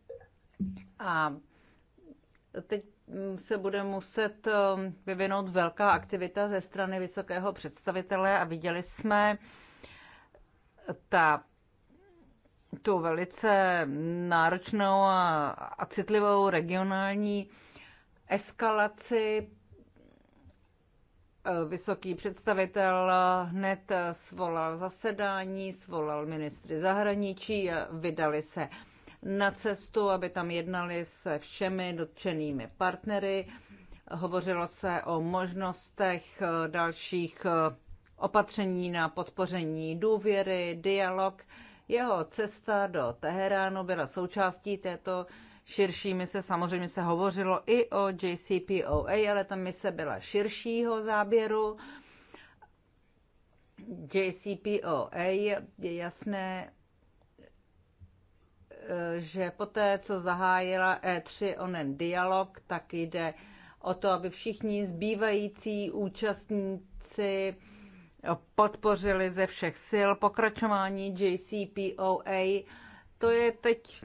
Speaker 2: A Teď mm, se bude muset um, vyvinout velká aktivita ze strany vysokého představitele a viděli jsme ta, tu velice náročnou a, a citlivou regionální eskalaci. Eh, vysoký představitel hned svolal zasedání, svolal ministry zahraničí, vydali se na cestu, aby tam jednali se všemi dotčenými partnery. Hovořilo se o možnostech eh, dalších eh, opatření na podpoření důvěry, dialog. Jeho cesta do Teheránu byla součástí této širší mise. Samozřejmě se hovořilo i o JCPOA, ale ta mise byla širšího záběru. JCPOA je jasné, že poté, co zahájila E3 onen dialog, tak jde o to, aby všichni zbývající účastníci podpořili ze všech sil pokračování JCPOA. To je teď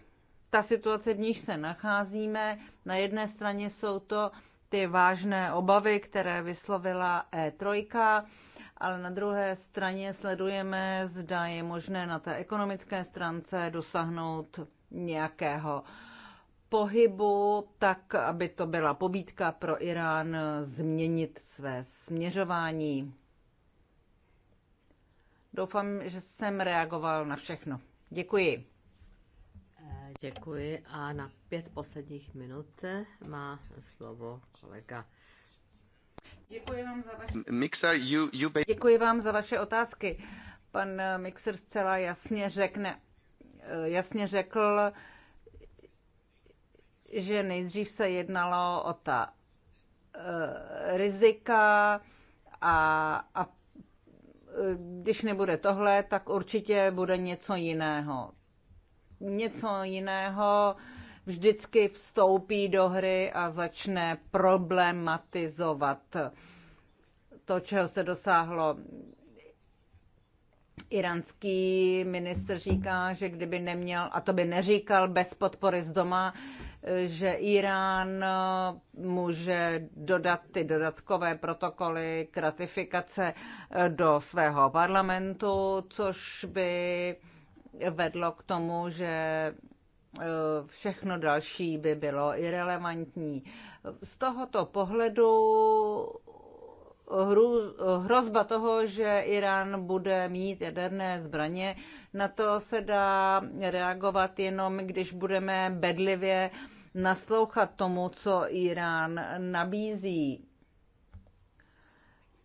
Speaker 2: ta situace, v níž se nacházíme. Na jedné straně jsou to ty vážné obavy, které vyslovila E3, ale na druhé straně sledujeme, zda je možné na té ekonomické stránce dosáhnout nějakého pohybu, tak aby to byla pobídka pro Irán změnit své směřování. Doufám, že jsem reagoval na všechno. Děkuji. Děkuji a na pět posledních minut má slovo kolega Děkuji vám za vaše, otázky. Pan eh, Mixer zcela jasně řekne, eh, jasně řekl, že nejdřív se jednalo o ta e, rizika a, a když nebude tohle, tak určitě bude něco jiného. Něco jiného, e, vždycky vstoupí do hry a začne problematizovat to, čeho se dosáhlo. Iránský minister říká, že kdyby neměl, a to by neříkal bez podpory z doma, že Irán může dodat ty dodatkové protokoly k ratifikace do svého parlamentu, což by vedlo k tomu, že Eh, všechno další by bylo irrelevantní. Z tohoto pohledu hru, hrozba toho, že Irán bude mít jaderné zbraně, na to se dá reagovat jenom, když budeme bedlivě naslouchat tomu, co Irán nabízí.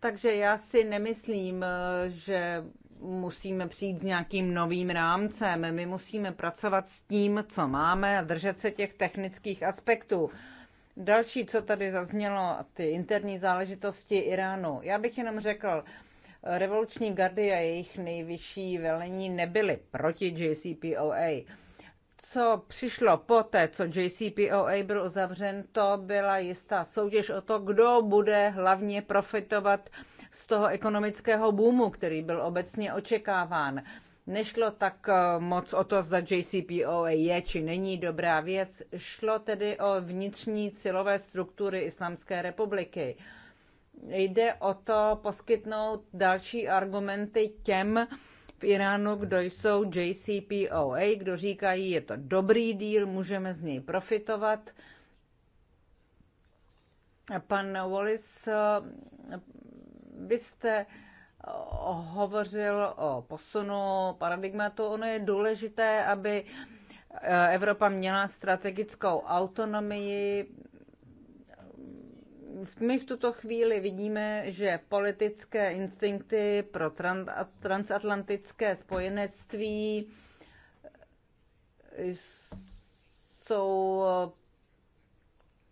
Speaker 2: Takže já si nemyslím, eh, že musíme přijít s nějakým novým rámcem. My musíme pracovat s tím, co máme a držet se těch technických aspektů. Další, co tady zaznělo, ty interní záležitosti Iránu. Já bych jenom řekl, revoluční gardy a jejich nejvyšší velení nebyly proti JCPOA co přišlo poté, co JCPOA byl uzavřen, to byla jistá soutěž o to, kdo bude hlavně profitovat z toho ekonomického boomu, který byl obecně očekáván. Nešlo tak eh, moc o to, zda JCPOA je či není dobrá věc, šlo tedy o vnitřní silové struktury Islamské republiky. Jde o to poskytnout další argumenty těm, v Iránu, kdo jsou JCPOA, kdo říkají, je to dobrý díl, můžeme z něj profitovat. Pan Wallis, eh, vy jste hovořil o posunu paradigmatu. Ono je důležité, aby Evropa měla strategickou autonomii my v tuto chvíli vidíme, že politické instinkty pro transatlantické spojenectví jsou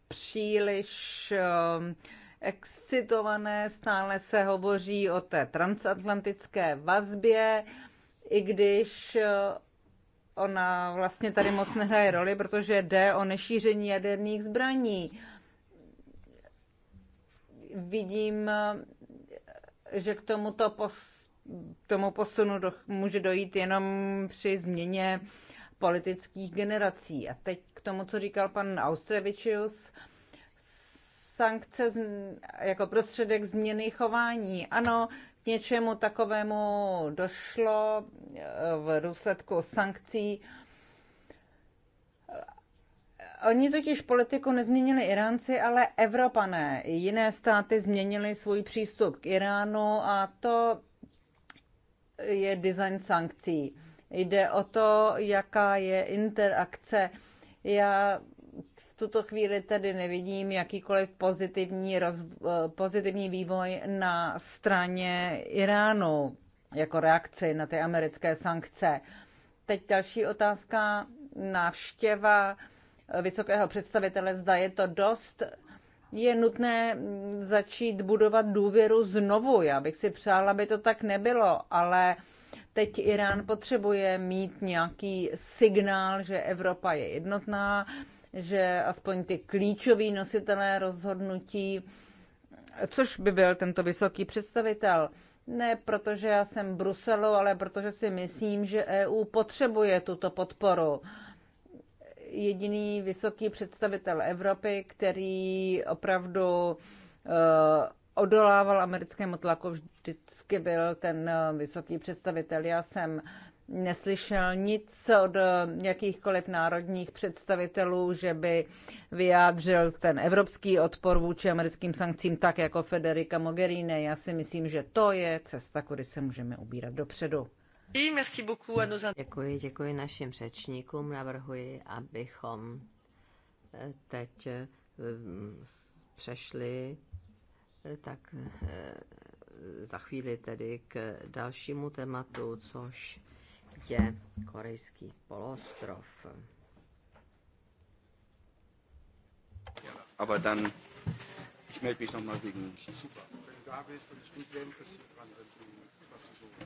Speaker 2: příliš ehm, excitované, stále se hovoří o té transatlantické vazbě, i když eh, ona vlastně tady moc nehraje roli, protože jde o nešíření jaderných zbraní vidím, že k tomuto pos, tomu posunu do, může dojít jenom při změně politických generací. A teď k tomu, co říkal pan Austrevičius, sankce z, jako prostředek změny chování. Ano, k něčemu takovému došlo v důsledku sankcí Oni totiž politiku nezměnili Iránci, ale Evropané. Jiné státy změnili svůj přístup k Iránu a to je design sankcí. Jde o to, jaká je interakce. Já v tuto chvíli tedy nevidím jakýkoliv pozitivní, roz, pozitivní vývoj na straně Iránu jako reakci na ty americké sankce. Teď další otázka. Návštěva vysokého představitele, zda je to dost. Je nutné začít budovat důvěru znovu. Já bych si přála, aby to tak nebylo, ale teď Irán potřebuje mít nějaký signál, že Evropa je jednotná, že aspoň ty klíčoví nositelé rozhodnutí, což by byl tento vysoký představitel, ne protože já jsem Bruselu, ale protože si myslím, že EU potřebuje tuto podporu jediný vysoký představitel Evropy, který opravdu eh, odolával americkému tlaku, vždycky byl ten eh, vysoký představitel. Já jsem neslyšel nic od eh, jakýchkoliv národních představitelů, že by vyjádřil ten evropský odpor vůči americkým sankcím tak jako Federica Mogherini. Já si myslím, že to je cesta, kudy se můžeme ubírat dopředu. Děkuji, děkuji našim
Speaker 1: řečníkům. Navrhuji, abychom eh, teď eh, přešli eh, tak za chvíli tedy k dalšímu tématu, což je korejský polostrov.
Speaker 3: Aber dann, ich melde mich nochmal wegen. Super, wenn du da bist und ich bin sehr interessiert dran.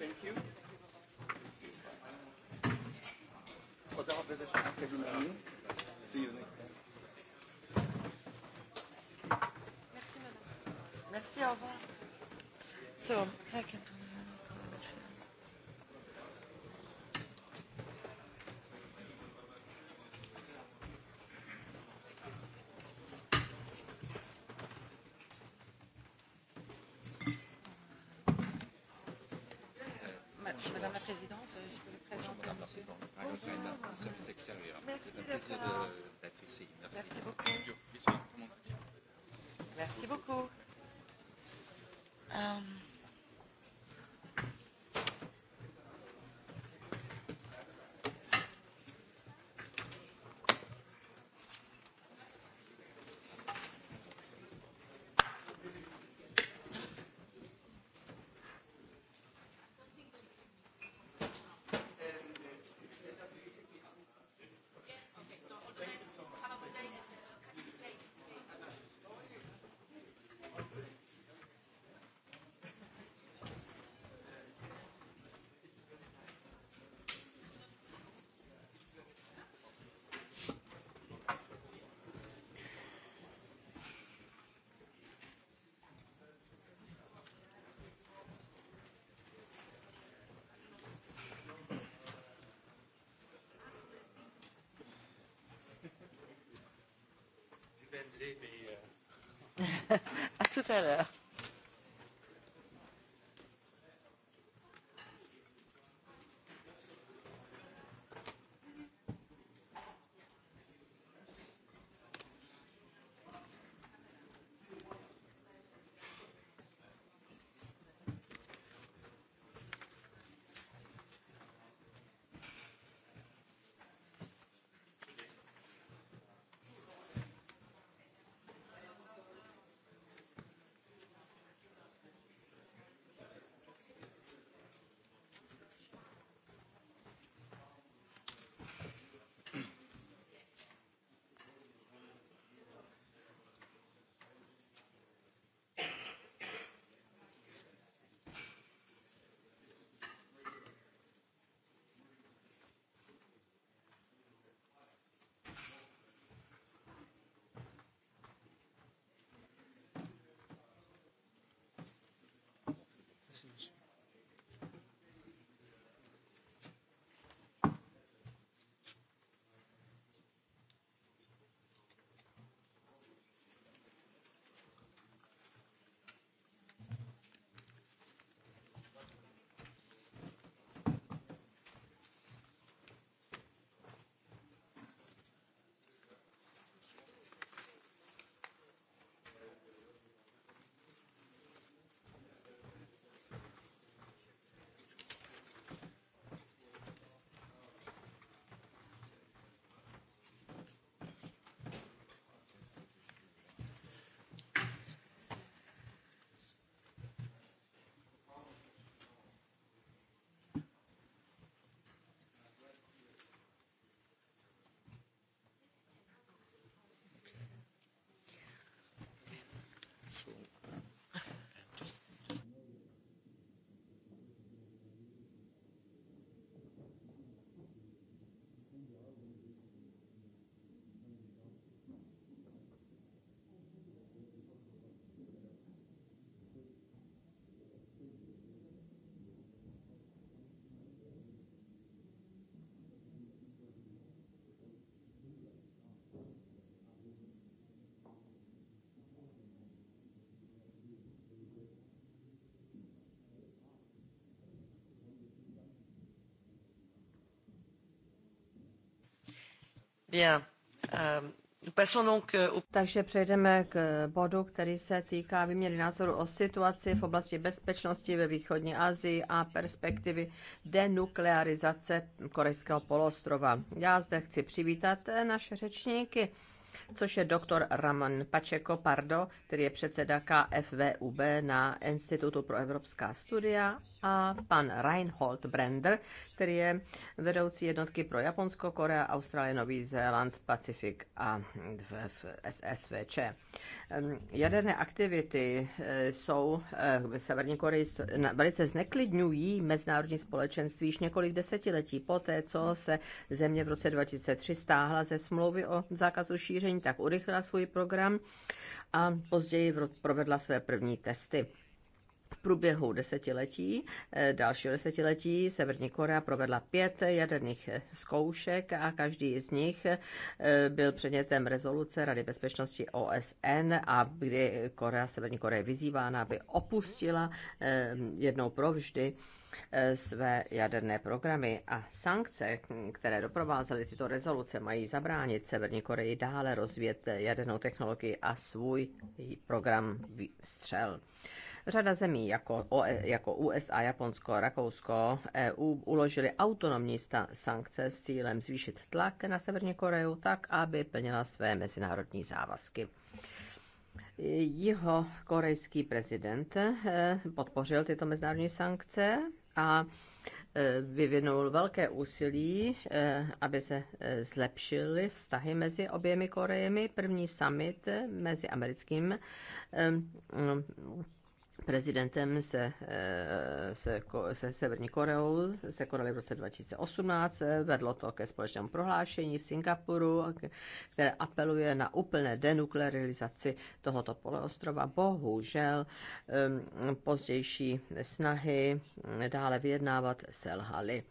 Speaker 2: Thank you. See you next time. Merci, madame. Merci, au revoir. So, thank À tout à l'heure. Merci, monsieur. Euh,
Speaker 1: euh, Takže přejdeme k bodu, který se týká výměny názoru o situaci v oblasti bezpečnosti ve východní Asii a perspektivy denuklearizace Korejského polostrova. Já zde chci přivítat eh, naše řečníky, což je doktor Raman Pačeko Pardo, který je předseda KFVUB na Institutu pro evropská studia a pan Reinhold Brender, který je vedoucí jednotky pro Japonsko, Korea, Austrálie, Nový Zéland, Pacifik a v SSVČ. Jaderné aktivity e, jsou e, v Severní Koreji velice zneklidňují mezinárodní společenství již několik desetiletí poté, co se země v roce 2003 stáhla ze smlouvy o zákazu šíření, tak urychlila svůj program a později provedla své první testy. V průběhu desetiletí, eh, dalšího desetiletí, Severní Korea provedla pět jaderných zkoušek a každý z nich eh, byl předmětem rezoluce Rady bezpečnosti OSN a kdy Korea, Severní Korea je vyzývána, aby opustila eh, jednou provždy své jaderné programy a sankce, které doprovázely tyto rezoluce, mají zabránit Severní Koreji dále rozvíjet jadernou technologii a svůj program střel. Řada zemí jako, jako USA, Japonsko, Rakousko, EU uložili autonomní sankce s cílem zvýšit tlak na Severní Koreu tak, aby plnila své mezinárodní závazky. Jeho korejský prezident e, podpořil tyto mezinárodní sankce a e, vyvinul velké úsilí, e, aby se zlepšily vztahy mezi oběmi Korejemi. První summit mezi americkým prezidentem se, eh, se, se Severní Koreou se konaly v roce 2018. Vedlo to ke společnému prohlášení v Singapuru, které apeluje na úplné denuklearizaci tohoto poloostrova. Bohužel pozdější snahy dále vyjednávat selhaly.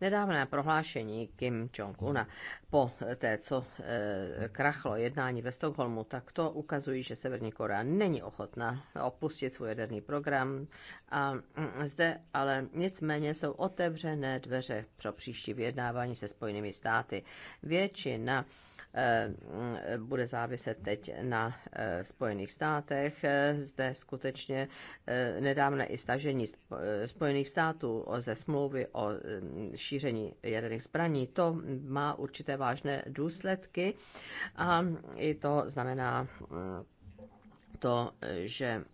Speaker 1: Nedávné prohlášení Kim Jong-una po té, co eh, krachlo jednání ve Stockholmu, tak to ukazují, že Severní Korea není ochotná opustit svůj jaderný program. A mm, zde ale nicméně jsou otevřené dveře pro příští vyjednávání se Spojenými státy. Většina Eh, bude záviset teď na eh, Spojených státech. Eh, zde skutečně nedávné i stažení Spojených států ze smlouvy o šíření jaderných zbraní, to má určité vážné důsledky a i to znamená mm, to, že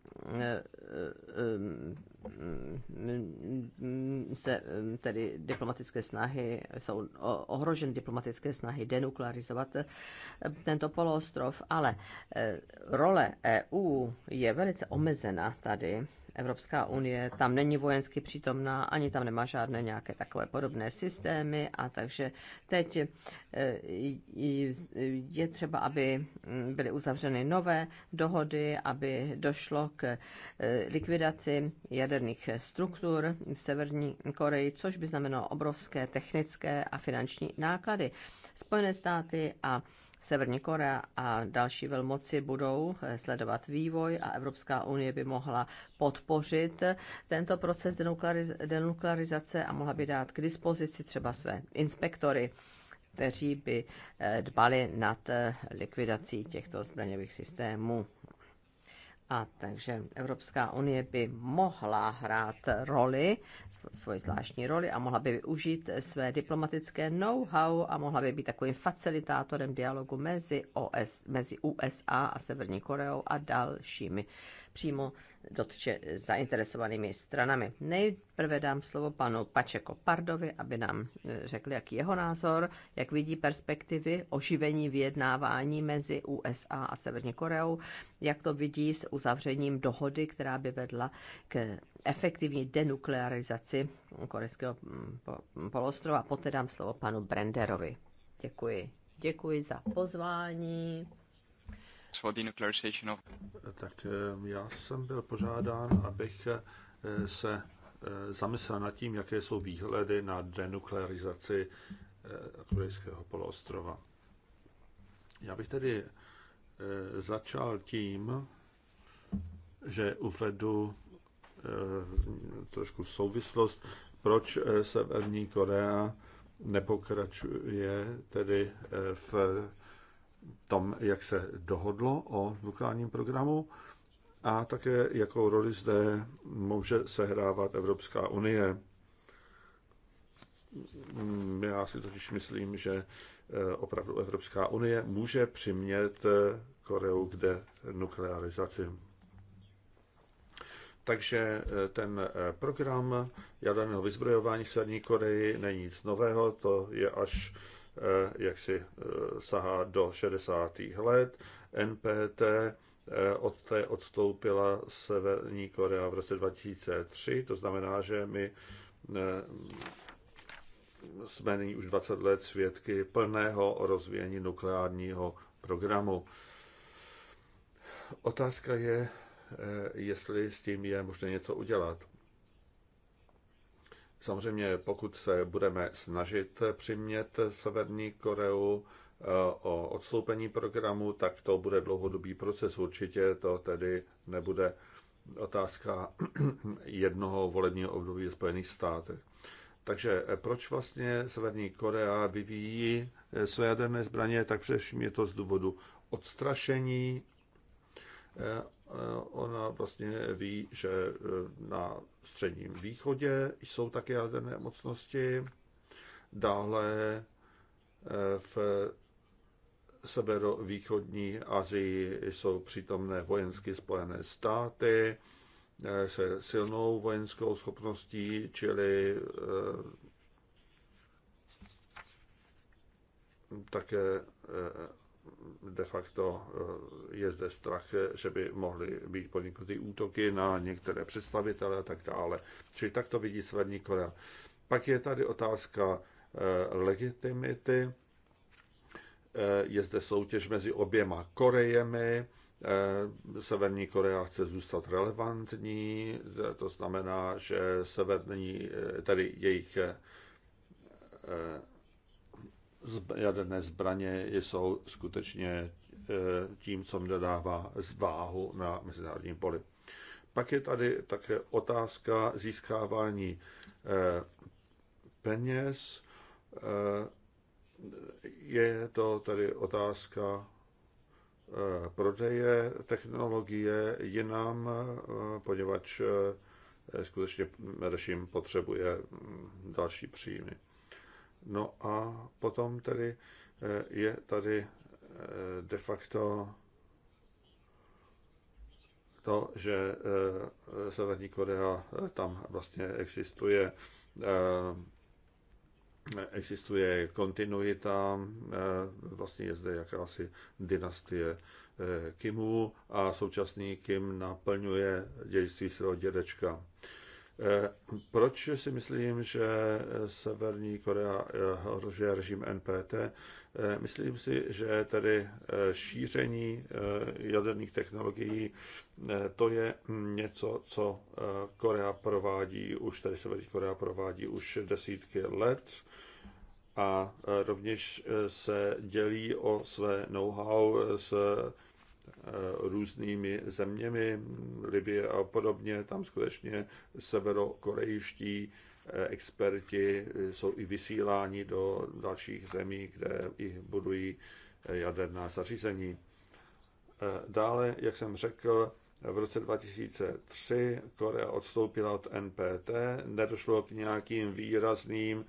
Speaker 1: se mm, tedy diplomatické snahy, jsou ohroženy diplomatické snahy denuklearizovat eh, tento poloostrov, ale eh, role EU je velice omezena tady Evropská unie tam není vojensky přítomná, ani tam nemá žádné nějaké takové podobné systémy a takže teď eh, je třeba, aby hm, byly uzavřeny nové dohody, aby došlo k eh, likvidaci jaderných struktur v Severní Koreji, což by znamenalo obrovské technické a finanční náklady. Spojené státy a Severní Korea a další velmoci budou eh, sledovat vývoj a Evropská unie by mohla podpořit eh, tento proces denuklearizace a mohla by dát k dispozici třeba své inspektory, kteří by eh, dbali nad likvidací těchto zbraňových systémů a takže Evropská unie by mohla hrát roli, svoji zvláštní roli a mohla by využít své diplomatické know-how a mohla by být takovým facilitátorem dialogu mezi, OS, mezi USA a Severní Koreou a dalšími. Přímo dotče zainteresovanými stranami. Nejprve dám slovo panu Pačeko Pardovi, aby nám e, řekl, jaký jeho názor, jak vidí perspektivy oživení vyjednávání mezi USA a Severní Koreou, jak to vidí s uzavřením dohody, která by vedla k efektivní denuklearizaci korejského mm, poloostrova. Poté dám slovo panu Brenderovi. Děkuji. Děkuji za pozvání
Speaker 3: for the nuclearization of... Tak eh, já jsem byl požádán, abych eh, se eh, zamyslel nad tím, jaké jsou výhledy na denuklearizaci korejského poloostrova. Já bych tedy začal tím, že uvedu trošku souvislost, proč Severní Korea nepokračuje tedy v tom, jak se dohodlo o nukleárním programu a také jakou roli zde může sehrávat Evropská unie. Mm, já si totiž myslím, že eh, opravdu Evropská unie může přimět eh, Koreu k denuklearizaci. Takže eh, ten program jaderného vyzbrojování Severní Koreji není nic nového, to je až Eh, jak si eh, sahá do 60. let. NPT eh, od té odstoupila Severní Korea v roce 2003, to znamená, že my jsme nyní už 20 let svědky plného rozvíjení nukleárního programu. Otázka je, jestli s tím je možné něco udělat. Samozřejmě, pokud se budeme snažit přimět Severní Koreu eh, o odstoupení programu, tak to bude dlouhodobý proces. Určitě to tedy nebude otázka jednoho volebního období Spojených států. Takže eh, proč vlastně Severní Korea vyvíjí eh, své jaderné zbraně? Tak především je to z důvodu odstrašení Eh, ona vlastně ví, že eh, na středním východě jsou také jaderné mocnosti, dále eh, v severovýchodní Asii jsou přítomné vojensky spojené státy se silnou vojenskou schopností, čili také de facto eh, je zde strach, že by mohly být podniknuty útoky na některé představitele a tak dále. Čili tak to vidí Severní Korea. Pak je tady otázka eh, legitimity. Eh, je zde soutěž mezi oběma Korejemi. Severní Korea chce zůstat relevantní, to znamená, že severní, tady jejich jaderné zbraně jsou skutečně eh, tím, co dodává zváhu na mezinárodním poli. Pak je tady také otázka získávání eh, peněz. Eh, je to tady otázka prodeje technologie jinam, poněvadž skutečně režim potřebuje mm, další příjmy. No a potom tedy eh, je tady eh, de facto to, že eh, Severní Korea tam vlastně existuje existuje kontinuita, vlastně je zde jakási dynastie Kimů a současný Kim naplňuje dědictví svého dědečka. Eh, proč si myslím, že Severní Korea hrožuje eh, režim NPT? Eh, myslím si, že tedy šíření jaderných technologií, to je něco, co Korea provádí už, tedy Severní Korea provádí už desítky let a rovněž se dělí o své know-how s Eh, různými zeměmi, Libie a podobně. Tam skutečně severokorejští eh, experti eh, jsou i vysíláni do dalších zemí, kde i budují jaderná zařízení. Dále, jak jsem řekl, v roce 2003 Korea odstoupila od NPT, nedošlo k nějakým výrazným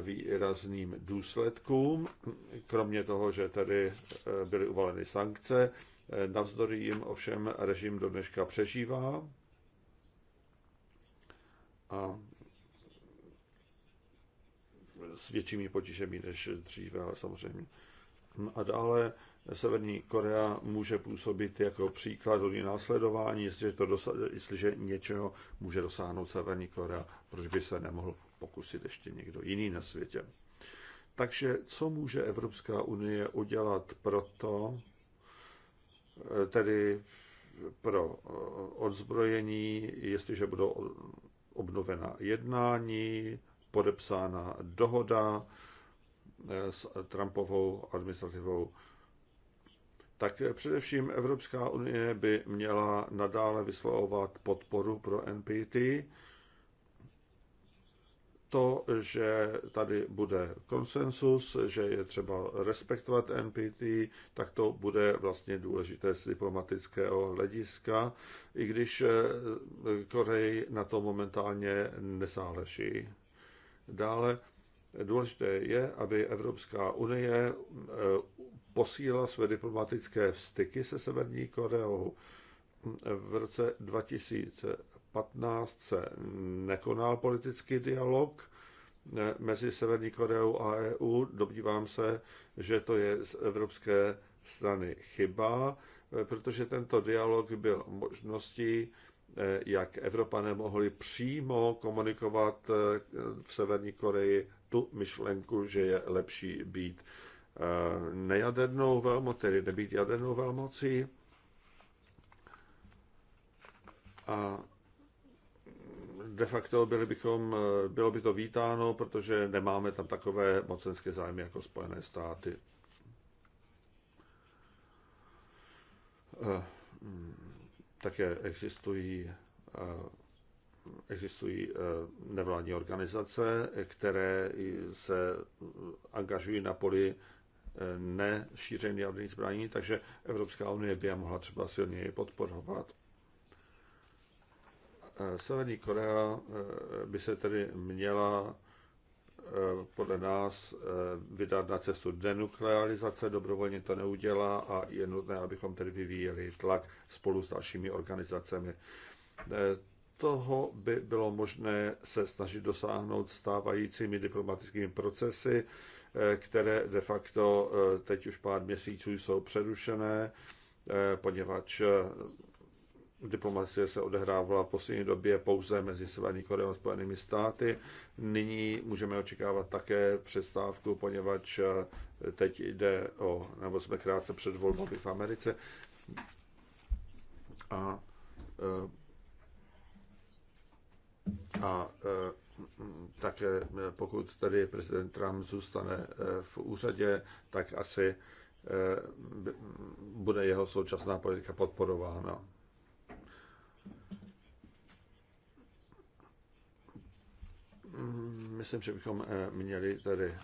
Speaker 3: výrazným důsledkům, kromě toho, že tady eh, byly uvaleny sankce. Eh, navzdory jim ovšem režim do dneška přežívá a s většími potížemi než dříve, ale samozřejmě. A dále eh, Severní Korea může působit jako příklad hodně následování, jestliže, to dosa- jestliže něčeho může dosáhnout Severní Korea, proč by se nemohl pokusit ještě někdo jiný na světě. Takže co může Evropská unie udělat pro to eh, tedy pro eh, odzbrojení, jestliže budou obnovena jednání, podepsána dohoda eh, s Trumpovou administrativou, tak především Evropská unie by měla nadále vyslovovat podporu pro NPT, to, že tady bude konsensus, že je třeba respektovat NPT, tak to bude vlastně důležité z diplomatického hlediska, i když eh, Korej na to momentálně nesáleží. Dále důležité je, aby Evropská unie eh, posílala své diplomatické vztyky se Severní Koreou. V roce 2000 2015 se nekonal politický dialog e, mezi Severní Koreou a EU. Dobdívám se, že to je z evropské strany chyba, e, protože tento dialog byl možností, e, jak Evropané mohli přímo komunikovat v Severní Koreji tu myšlenku, že je lepší být nejadernou velmocí, tedy nebýt jadernou velmocí. A de facto byli bychom, eh, bylo by to vítáno, protože nemáme tam takové mocenské zájmy jako Spojené státy. Eh, mm, také existují, eh, existují nevládní organizace, které se angažují na poli nešíření jaderných zbraní, takže Evropská unie by je mohla třeba silněji podporovat. Eh, Severní Korea eh, by se tedy měla eh, podle nás vydat na cestu denuklearizace, dobrovolně to neudělá a je nutné, abychom tedy vyvíjeli tlak spolu s dalšími organizacemi. Toho by bylo možné se snažit dosáhnout stávajícími diplomatickými procesy, které de facto teď už pár měsíců jsou přerušené, poněvadž diplomacie se odehrávala v poslední době pouze mezi Severní Koreou a Spojenými státy. Nyní můžeme očekávat také přestávku, poněvadž eh, teď jde o, nebo jsme krátce před volbami v Americe. A, eh, a, a eh, také pokud tady prezident Trump zůstane v úřadě, tak asi bude jeho současná politika podporována. Mm, myslím, že bychom eh, měli tady eh,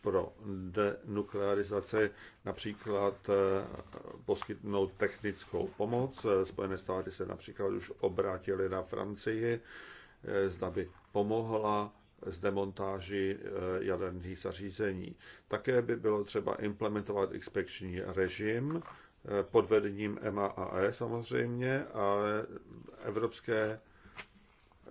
Speaker 3: pro denuklearizaci například eh, poskytnout technickou pomoc. Spojené státy se například už obrátili na Francii, zda by pomohla z demontáži jaderných zařízení. Také by bylo třeba implementovat inspekční režim pod vedením MAAE samozřejmě, ale evropské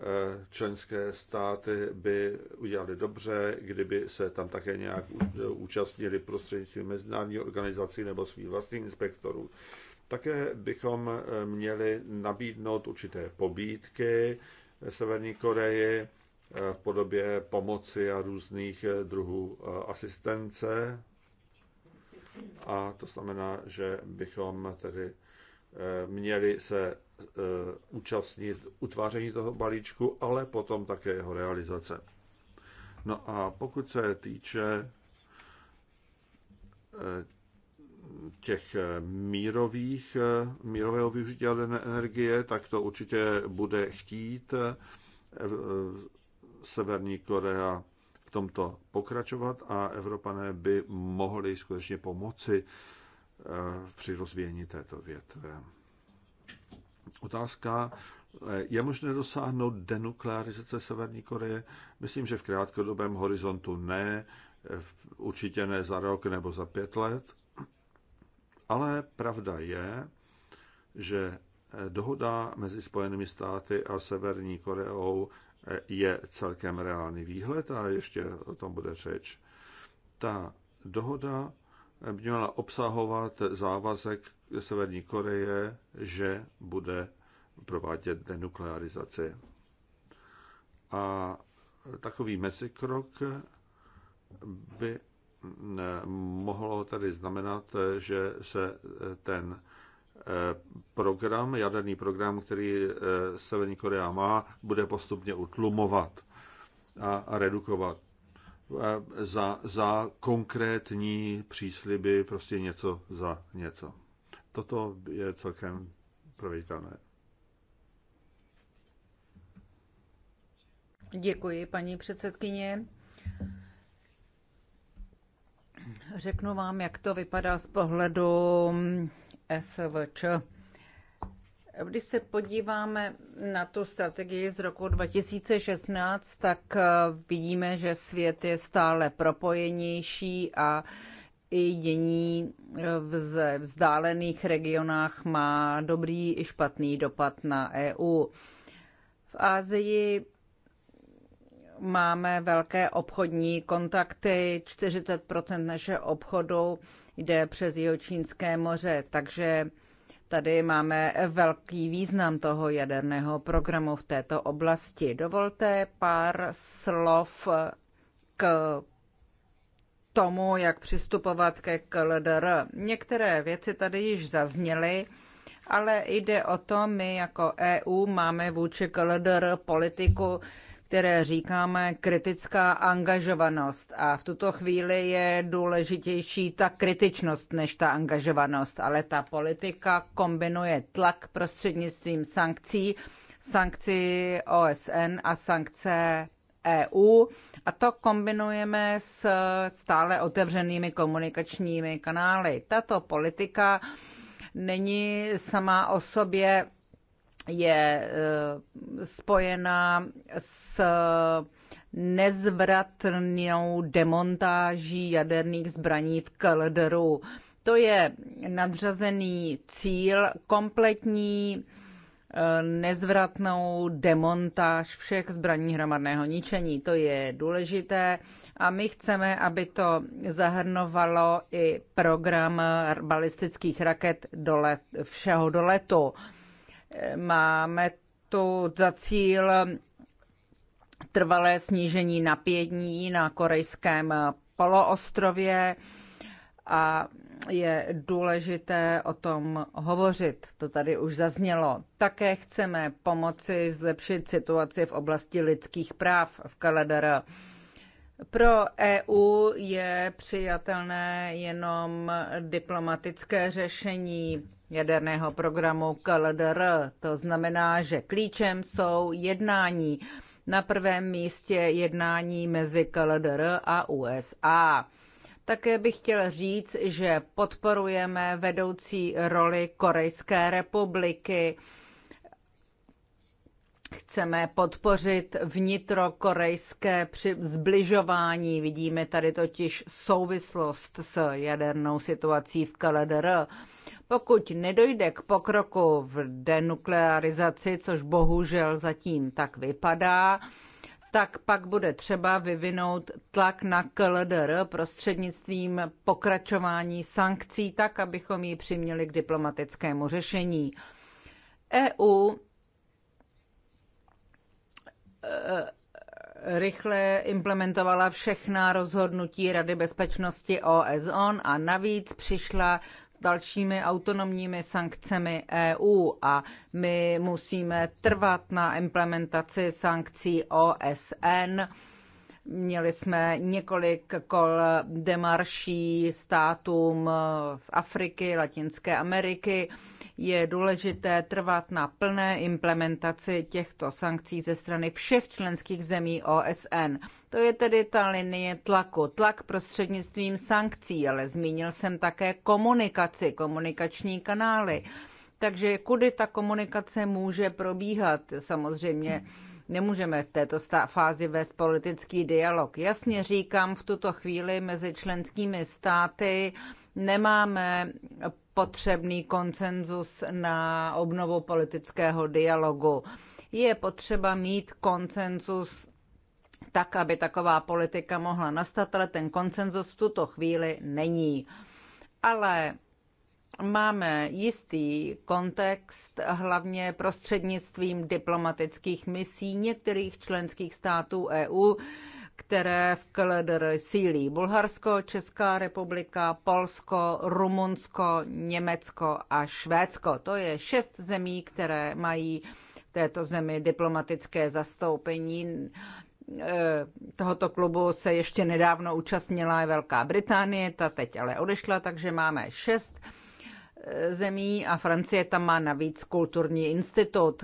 Speaker 3: Eh, členské státy by udělali dobře, kdyby se tam také nějak eh, účastnili prostřednictvím mezinárodní organizací nebo svých vlastních inspektorů. Také bychom eh, měli nabídnout určité pobídky Severní Koreji v podobě pomoci a různých druhů asistence. A to znamená, že bychom tedy měli se Eh, účastnit utváření toho balíčku, ale potom také jeho realizace. No a pokud se týče eh, těch mírových, eh, mírového využití jaderné energie, tak to určitě bude chtít Severní Korea v tomto pokračovat a Evropané by mohli skutečně pomoci při rozvíjení této větve otázka, eh, je možné dosáhnout denuklearizace Severní Koreje? Myslím, že v krátkodobém horizontu ne, eh, určitě ne za rok nebo za pět let. Ale pravda je, že eh, dohoda mezi Spojenými státy a Severní Koreou je celkem reálný výhled a ještě o tom bude řeč. Ta dohoda měla obsahovat závazek Severní Koreje, že bude provádět denuklearizaci. A takový mezikrok by eh, mohlo tedy znamenat, že se eh, ten eh, program, jaderný program, který Severní Korea má, bude postupně utlumovat a redukovat za, za konkrétní přísliby, prostě něco za něco toto je celkem proveditelné.
Speaker 2: Děkuji, paní předsedkyně. Řeknu vám, jak to vypadá z pohledu SVČ. Když se podíváme na tu strategii z roku 2016, tak vidíme, že svět je stále propojenější a i dění eh, v vzdálených regionách má dobrý i špatný dopad na EU. V Ázii máme velké obchodní kontakty, 40 našeho obchodu jde přes Jihočínské moře, takže tady máme velký význam toho jaderného programu v této oblasti. Dovolte pár slov k tomu, jak přistupovat ke KLDR. Některé věci tady již zazněly, ale jde o to, my jako EU máme vůči KLDR politiku, které říkáme kritická angažovanost. A v tuto chvíli je důležitější ta kritičnost než ta angažovanost, ale ta politika kombinuje tlak prostřednictvím sankcí, sankcí OSN a sankce EU a to kombinujeme s stále otevřenými komunikačními kanály. Tato politika není sama o sobě je eh, spojená s nezvratnou demontáží jaderných zbraní v Kalderu. To je nadřazený cíl kompletní nezvratnou demontáž všech zbraní hromadného ničení. To je důležité a my chceme, aby to zahrnovalo i program balistických raket do let, všeho do letu. Máme tu za cíl trvalé snížení napětí na korejském poloostrově a je důležité o tom hovořit. To tady už zaznělo. Také chceme pomoci zlepšit situaci v oblasti lidských práv v Kaledara. Pro EU je přijatelné jenom diplomatické řešení jaderného programu KLDR. To znamená, že klíčem jsou jednání. Na prvém místě jednání mezi KLDR a USA. Také bych chtěl říct, že podporujeme vedoucí roli Korejské republiky. Chceme podpořit vnitrokorejské zbližování. Vidíme tady totiž souvislost s jadernou situací v KLDR. Pokud nedojde k pokroku v denuklearizaci, což bohužel zatím tak vypadá, tak pak bude třeba vyvinout tlak na KLDR prostřednictvím pokračování sankcí, tak abychom ji přiměli k diplomatickému řešení. EU e, rychle implementovala všechna rozhodnutí Rady bezpečnosti OSN a navíc přišla dalšími autonomními sankcemi EU a my musíme trvat na implementaci sankcí OSN. Měli jsme několik kol demarší státům z Afriky, Latinské Ameriky. Je důležité trvat na plné implementaci těchto sankcí ze strany všech členských zemí OSN. To je tedy ta linie tlaku. Tlak prostřednictvím sankcí, ale zmínil jsem také komunikaci, komunikační kanály. Takže kudy ta komunikace může probíhat? Samozřejmě nemůžeme v této fázi vést politický dialog. Jasně říkám, v tuto chvíli mezi členskými státy nemáme potřebný konsenzus na obnovu politického dialogu. Je potřeba mít konsenzus tak, aby taková politika mohla nastat, ale ten konsenzus v tuto chvíli není. Ale máme jistý kontext, hlavně prostřednictvím diplomatických misí některých členských států EU, které v KLDR sílí Bulharsko, Česká republika, Polsko, Rumunsko, Německo a Švédsko. To je šest zemí, které mají této zemi diplomatické zastoupení. Eh, tohoto klubu se ještě nedávno účastnila i Velká Británie, ta teď ale odešla, takže máme šest eh, zemí a Francie tam má navíc kulturní institut.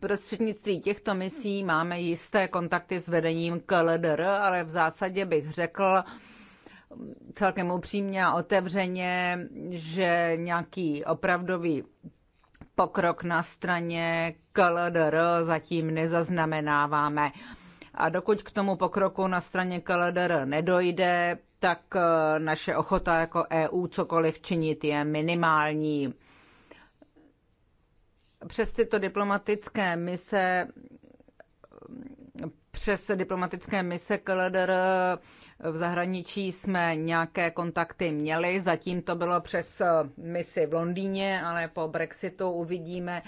Speaker 2: Prostřednictví těchto misí máme jisté kontakty s vedením KLDR, ale v zásadě bych řekl celkem upřímně a otevřeně, že nějaký opravdový pokrok na straně KLDR zatím nezaznamenáváme. A dokud k tomu pokroku na straně KLDR nedojde, tak eh, naše ochota jako EU cokoliv činit je minimální. Přes tyto diplomatické mise přes diplomatické mise KLDR v zahraničí jsme nějaké kontakty měli. Zatím to bylo přes eh, misi v Londýně, ale po Brexitu uvidíme,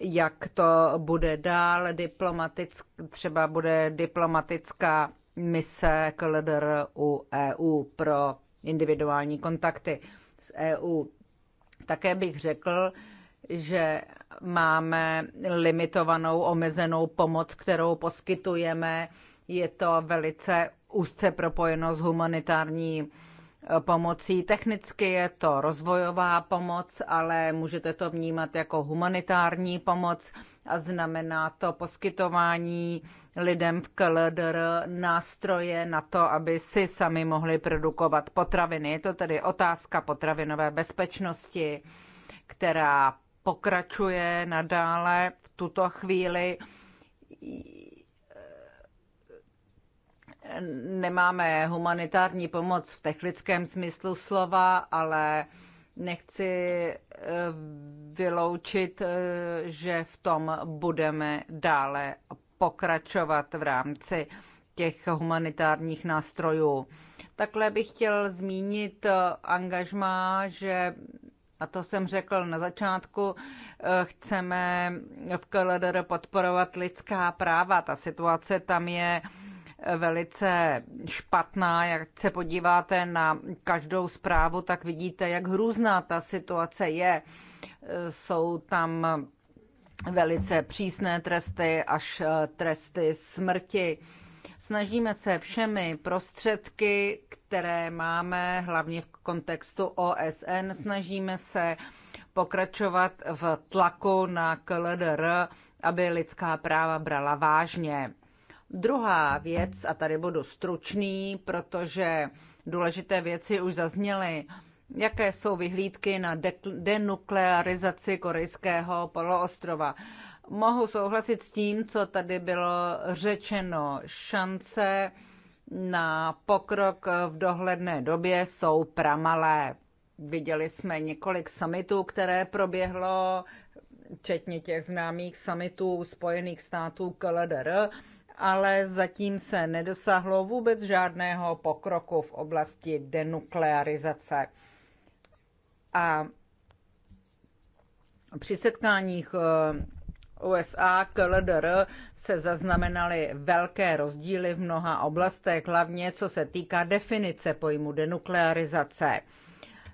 Speaker 2: jak to bude dál, diplomatick, třeba bude diplomatická mise KLDR u EU pro individuální kontakty s EU. Také bych řekl, že máme limitovanou, omezenou pomoc, kterou poskytujeme. Je to velice úzce propojeno s humanitární pomocí. Technicky je to rozvojová pomoc, ale můžete to vnímat jako humanitární pomoc a znamená to poskytování lidem v KLDR nástroje na to, aby si sami mohli produkovat potraviny. Je to tedy otázka potravinové bezpečnosti, která pokračuje nadále v tuto chvíli nemáme humanitární pomoc v technickém smyslu slova, ale nechci eh, vyloučit, eh, že v tom budeme dále pokračovat v rámci těch humanitárních nástrojů. Takhle bych chtěl zmínit eh, angažmá, že, a to jsem řekl na začátku, chceme v KLDR podporovat lidská práva. Ta situace tam je uh, velice špatná. Jak se podíváte na každou zprávu, tak vidíte, jak hrůzná ta situace je. Jsou tam velice přísné tresty až tresty smrti. Snažíme se všemi prostředky, které máme, hlavně v kontextu OSN, snažíme se pokračovat v tlaku na KLDR, aby lidská práva brala vážně. Druhá věc, a tady budu stručný, protože důležité věci už zazněly. Jaké jsou vyhlídky na denuklearizaci korejského poloostrova? Mohu souhlasit s tím, co tady bylo řečeno. Šance na pokrok v dohledné době jsou pramalé. Viděli jsme několik summitů, které proběhlo, včetně těch známých summitů Spojených států KLDR ale zatím se nedosáhlo vůbec žádného pokroku v oblasti denuklearizace. A při setkáních eh, USA k LDR se zaznamenaly velké rozdíly v mnoha oblastech, hlavně co se týká definice pojmu denuklearizace.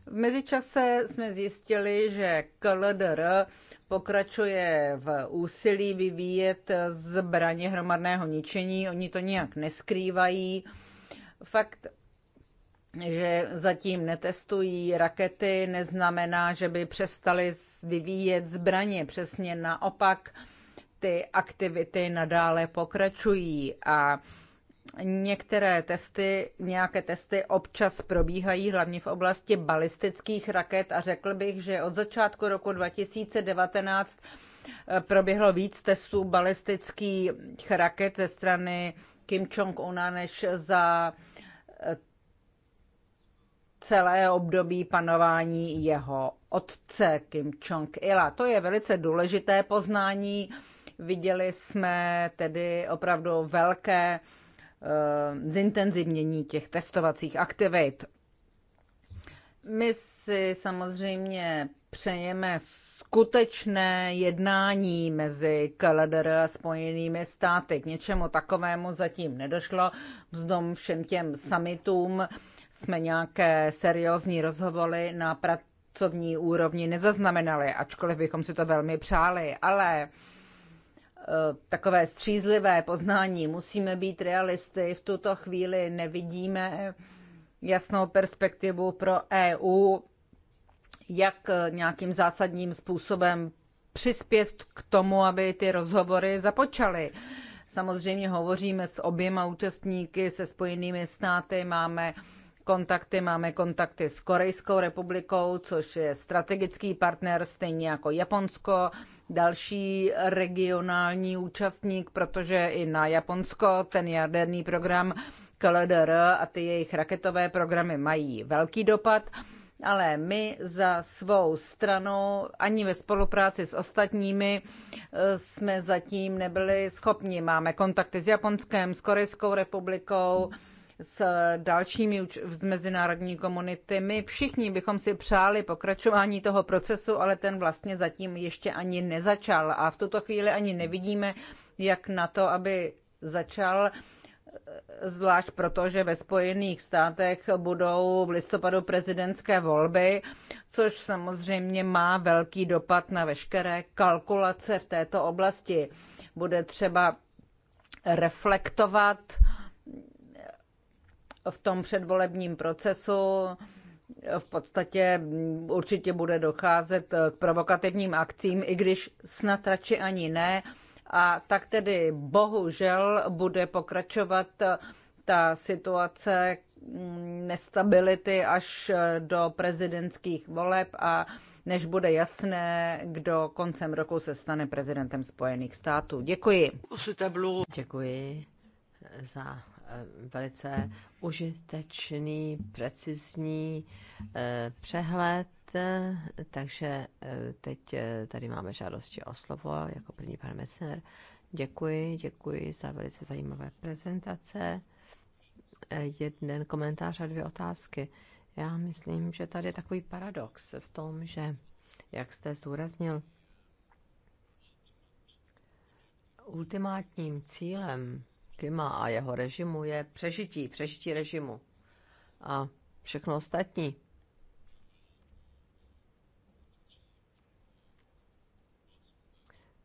Speaker 2: V mezičase jsme zjistili, že KLDR pokračuje v úsilí vyvíjet zbraně hromadného ničení. Oni to nijak neskrývají. Fakt, že zatím netestují rakety, neznamená, že by přestali vyvíjet zbraně. Přesně naopak, ty aktivity nadále pokračují a některé testy, nějaké testy občas probíhají, hlavně v oblasti balistických raket a řekl bych, že od začátku roku 2019 eh, proběhlo víc testů balistických raket ze strany Kim Jong-una než za eh, celé období panování jeho otce Kim Jong-ila. To je velice důležité poznání. Viděli jsme tedy opravdu velké Eh, zintenzivnění těch testovacích aktivit. My si samozřejmě přejeme skutečné jednání mezi KLDR a Spojenými státy. K něčemu takovému zatím nedošlo. Vzdom všem těm summitům jsme nějaké seriózní rozhovory na pracovní úrovni nezaznamenali, ačkoliv bychom si to velmi přáli. Ale Eh, takové střízlivé poznání. Musíme být realisty. V tuto chvíli nevidíme jasnou perspektivu pro EU, jak nějakým zásadním způsobem přispět k tomu, aby ty rozhovory započaly. Samozřejmě hovoříme s oběma účastníky, se Spojenými státy, máme kontakty, máme kontakty s Korejskou republikou, což je strategický partner, stejně jako Japonsko další regionální účastník, protože i na Japonsko ten jaderný program KLDR a ty jejich raketové programy mají velký dopad, ale my za svou stranu ani ve spolupráci s ostatními eh, jsme zatím nebyli schopni. Máme kontakty s Japonskem, s Korejskou republikou, s dalšími z mezinárodní komunity. My všichni bychom si přáli pokračování toho procesu, ale ten vlastně zatím ještě ani nezačal a v tuto chvíli ani nevidíme, jak na to, aby začal zvlášť proto, že ve Spojených státech budou v listopadu prezidentské volby, což samozřejmě má velký dopad na veškeré kalkulace v této oblasti. Bude třeba reflektovat uh, v tom předvolebním procesu v podstatě určitě bude docházet k provokativním akcím, i když snad radši ani ne. A tak tedy bohužel bude pokračovat ta situace nestability až do prezidentských voleb a než bude jasné, kdo koncem roku se stane prezidentem Spojených států. Děkuji.
Speaker 1: Děkuji za Eh, velice užitečný, precizní eh, přehled. Takže eh, teď tady máme žádosti o slovo jako první pan Messner. Děkuji, děkuji za velice zajímavé prezentace. Jeden komentář a dvě otázky. Já myslím, že tady je takový paradox v tom, že, jak jste zdůraznil, ultimátním cílem Kima a jeho režimu je přežití, přežití režimu. A všechno ostatní.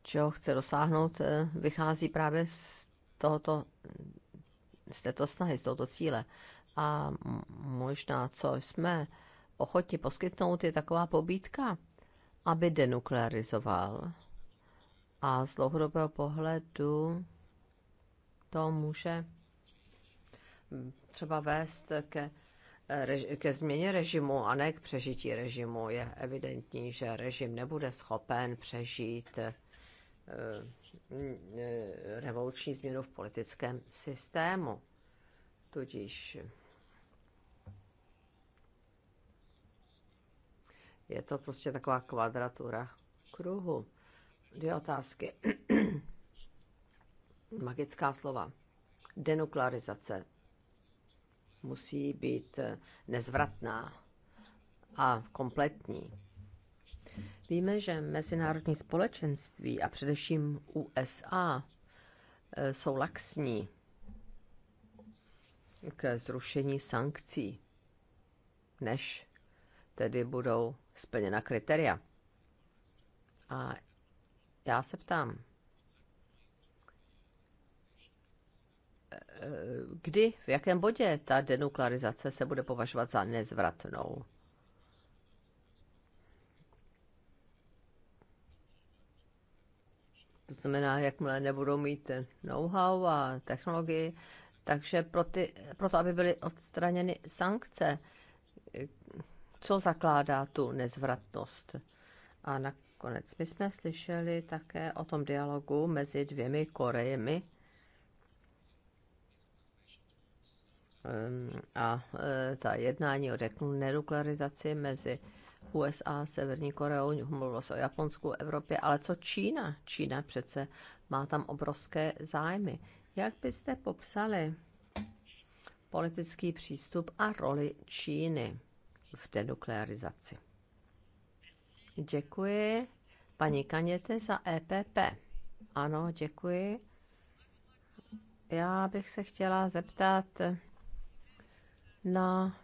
Speaker 1: Čeho chce dosáhnout, eh, vychází právě z tohoto, z této snahy, z tohoto cíle. A možná, co jsme ochotni poskytnout, je taková pobídka, aby denuklearizoval. A z dlouhodobého pohledu to může hm, třeba vést ke, ke změně režimu a ne k přežití režimu. Je evidentní, že režim nebude schopen přežít eh, hm, eh, revoluční změnu v politickém systému. Tudíž je to prostě taková kvadratura kruhu. Dvě otázky magická slova. Denuklearizace musí být nezvratná a kompletní. Víme, že mezinárodní společenství a především USA eh, jsou laxní ke zrušení sankcí, než tedy budou splněna kritéria. A já se ptám, kdy, v jakém bodě ta denuklearizace se bude považovat za nezvratnou. To znamená, jakmile nebudou mít know-how a technologii, takže pro ty, proto, aby byly odstraněny sankce, co zakládá tu nezvratnost. A nakonec my jsme slyšeli také o tom dialogu mezi dvěmi Korejemi, a e, ta jednání o denuklearizaci mezi USA, Severní Koreou, mluvilo se o Japonsku, Evropě, ale co Čína? Čína přece má tam obrovské zájmy. Jak byste popsali politický přístup a roli Číny v denuklearizaci? Děkuji paní Kaněte za EPP. Ano, děkuji. Já bych se chtěla zeptat, na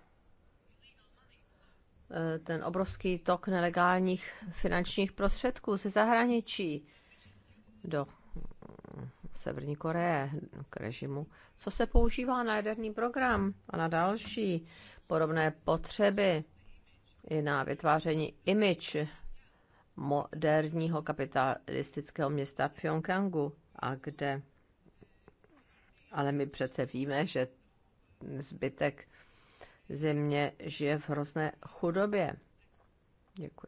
Speaker 1: eh, ten obrovský tok nelegálních finančních prostředků ze zahraničí do eh, Severní Koreje, k režimu, co se používá na jaderný program a na další podobné potřeby i na vytváření image moderního kapitalistického města Pyongyangu, a kde ale my přece víme, že zbytek země žije v hrozné chudobě. Děkuji.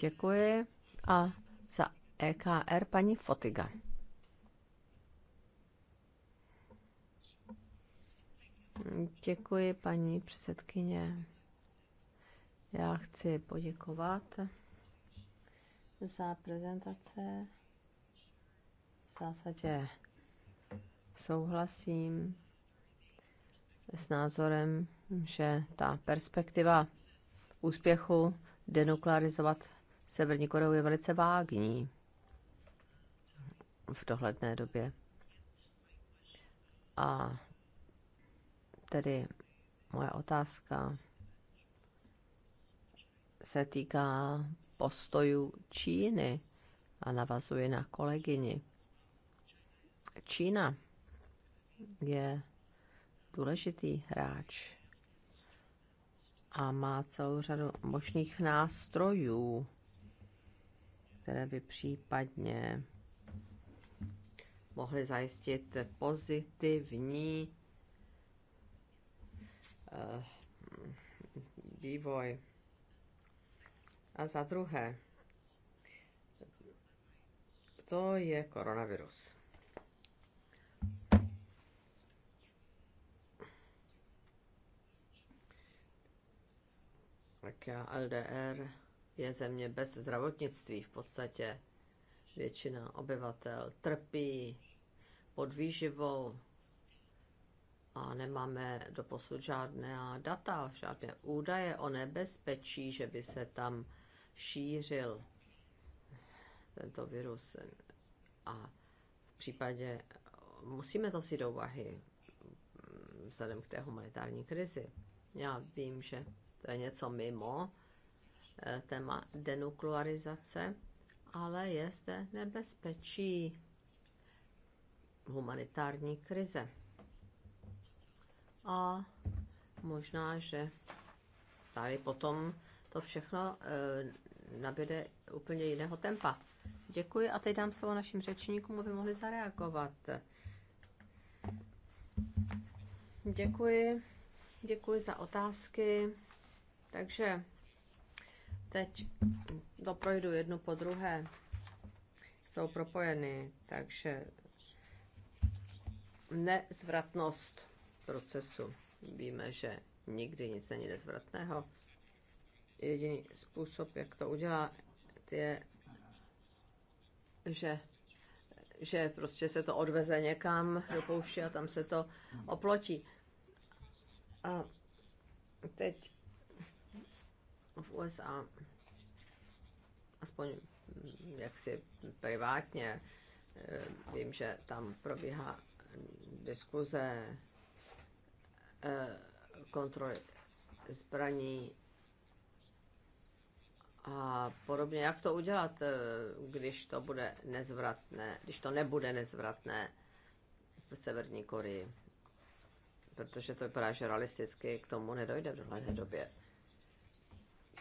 Speaker 1: Děkuji. A za EKR paní Fotiga. Děkuji, paní předsedkyně. Já chci poděkovat za prezentace. V zásadě souhlasím s názorem, že ta perspektiva úspěchu denuklearizovat Severní Koreu je velice vágní v dohledné době. A tedy moje otázka se týká postoju Číny a navazuje na kolegyni. Čína je důležitý hráč a má celou řadu možných nástrojů, které by případně mohly zajistit pozitivní eh, vývoj. A za druhé, to je koronavirus. Slovakia, LDR je země bez zdravotnictví v podstatě. Většina obyvatel trpí pod výživou a nemáme doposud žádné data, žádné údaje o nebezpečí, že by se tam šířil tento virus. A v případě, musíme to si do úvahy vzhledem k té humanitární krizi. Já vím, že to je něco mimo eh, téma denuklearizace, ale je zde nebezpečí humanitární krize. A možná, že tady potom to všechno eh, nabíde úplně jiného tempa. Děkuji a teď dám slovo našim řečníkům, aby mohli zareagovat. Děkuji. Děkuji za otázky. Takže teď doprojdu jednu po druhé. Jsou propojeny, takže nezvratnost procesu. Víme, že nikdy nic není nezvratného. Jediný způsob, jak to udělat, je, že, že prostě se to odveze někam do pouště a tam se to oplotí. A teď v USA, aspoň mm, jaksi privátně, eh, vím, že tam probíhá diskuze eh, kontroly zbraní a podobně. Jak to udělat, eh, když to bude nezvratné, když to nebude nezvratné v Severní Koreji? Protože to vypadá, že realisticky k tomu nedojde v dohledné době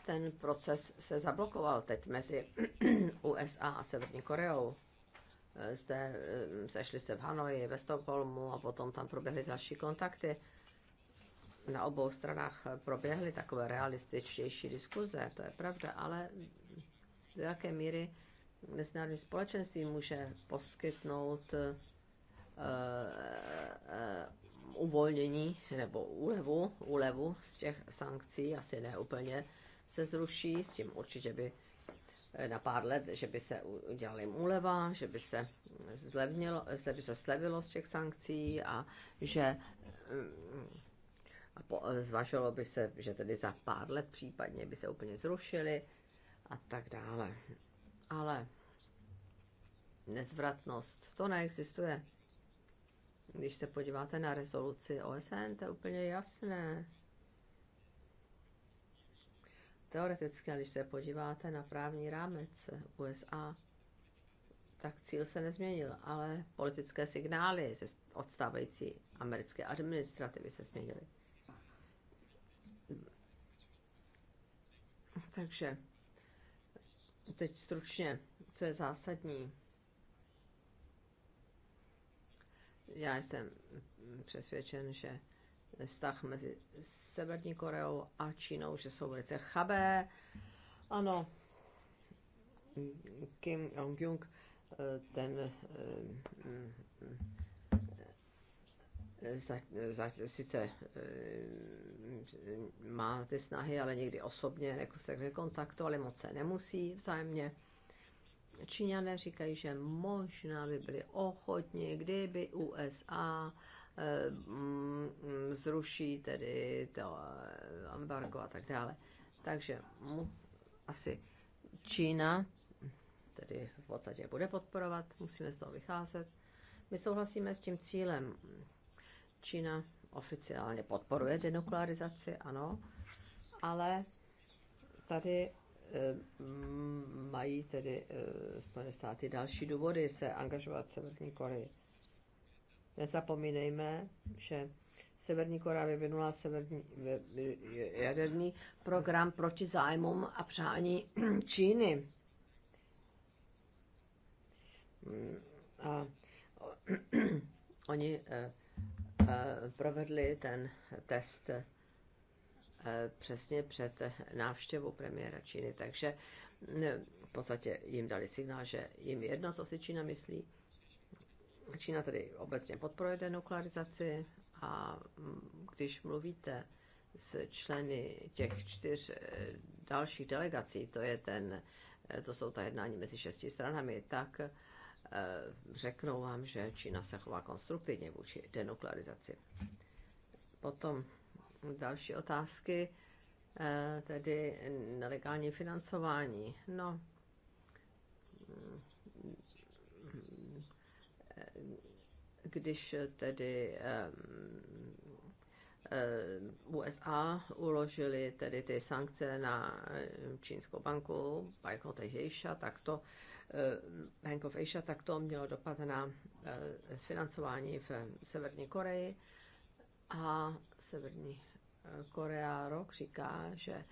Speaker 1: ten proces se zablokoval teď mezi USA a Severní Koreou. Eh, zde eh, sešli se v Hanoji, ve Stockholmu a potom tam proběhly další kontakty. Na obou stranách eh, proběhly takové realističtější diskuze, to je pravda, ale do jaké míry mezinárodní společenství může poskytnout uh, uh, uvolnění nebo úlevu, úlevu z těch sankcí, asi ne úplně se zruší, s tím určitě by eh, na pár let, že by se udělali úleva, že by se, zlevnilo, eh, že by se slevilo z těch sankcí a že eh, a po, zvažilo by se, že tedy za pár let případně by se úplně zrušili a tak dále. Ale nezvratnost, to neexistuje. Když se podíváte na rezoluci OSN, to je úplně jasné. Teoreticky, když se podíváte na právní rámec USA, tak cíl se nezměnil, ale politické signály ze odstávající americké administrativy se změnily. Takže teď stručně, co je zásadní. Já jsem přesvědčen, že vztah mezi Severní Koreou a Čínou, že jsou velice chabé. Ano, Kim Jong-jung, ten eh, eh, eh, za, za, sice má ty snahy, ale někdy osobně jako se ale moc se nemusí vzájemně. Číňané říkají, že možná by byli ochotni, kdyby USA Eh, mm, zruší tedy to eh, embargo a tak dále. Takže mu asi Čína tedy v podstatě bude podporovat, musíme z toho vycházet. My souhlasíme s tím cílem. Čína oficiálně podporuje denuklearizaci, ano, ale tady eh, mají tedy Spojené státy další důvody se angažovat v Severní Koreji. Nezapomínejme, že Severní Korea vyvinula severní, jaderný program proti zájmům a přání Číny. A oni eh, eh, provedli ten test eh, přesně před návštěvou premiéra Číny, takže v podstatě jim dali signál, že jim jedno, co si Čína myslí, Čína tedy obecně podporuje denuklearizaci a mm, když mluvíte s členy těch čtyř eh, dalších delegací, to je ten, eh, to jsou ta jednání mezi šesti stranami, tak eh, řeknou vám, že Čína se chová konstruktivně vůči denuklearizaci. Potom další otázky, tedy nelegální financování. No, když tedy USA uložili tedy ty sankce na čínskou banku Bank of Asia, tak to Bank of Asia, tak to mělo dopad na eh, financování v Severní Koreji a Severní eh, Korea rok říká, že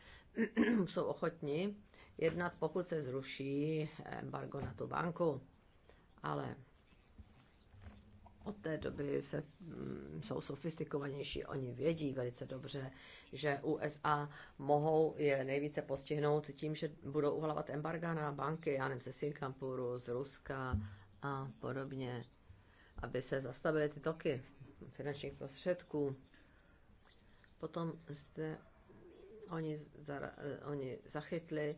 Speaker 1: jsou ochotní, jednat, pokud se zruší embargo na tu banku. Ale od té doby se, mm, jsou sofistikovanější, oni vědí velice dobře, že USA mohou je nejvíce postihnout tím, že budou uvalovat embarga na banky, já nevím, ze Singapuru, z Ruska a podobně, aby se zastavily ty toky finančních prostředků. Potom zde oni, zara, eh, oni zachytli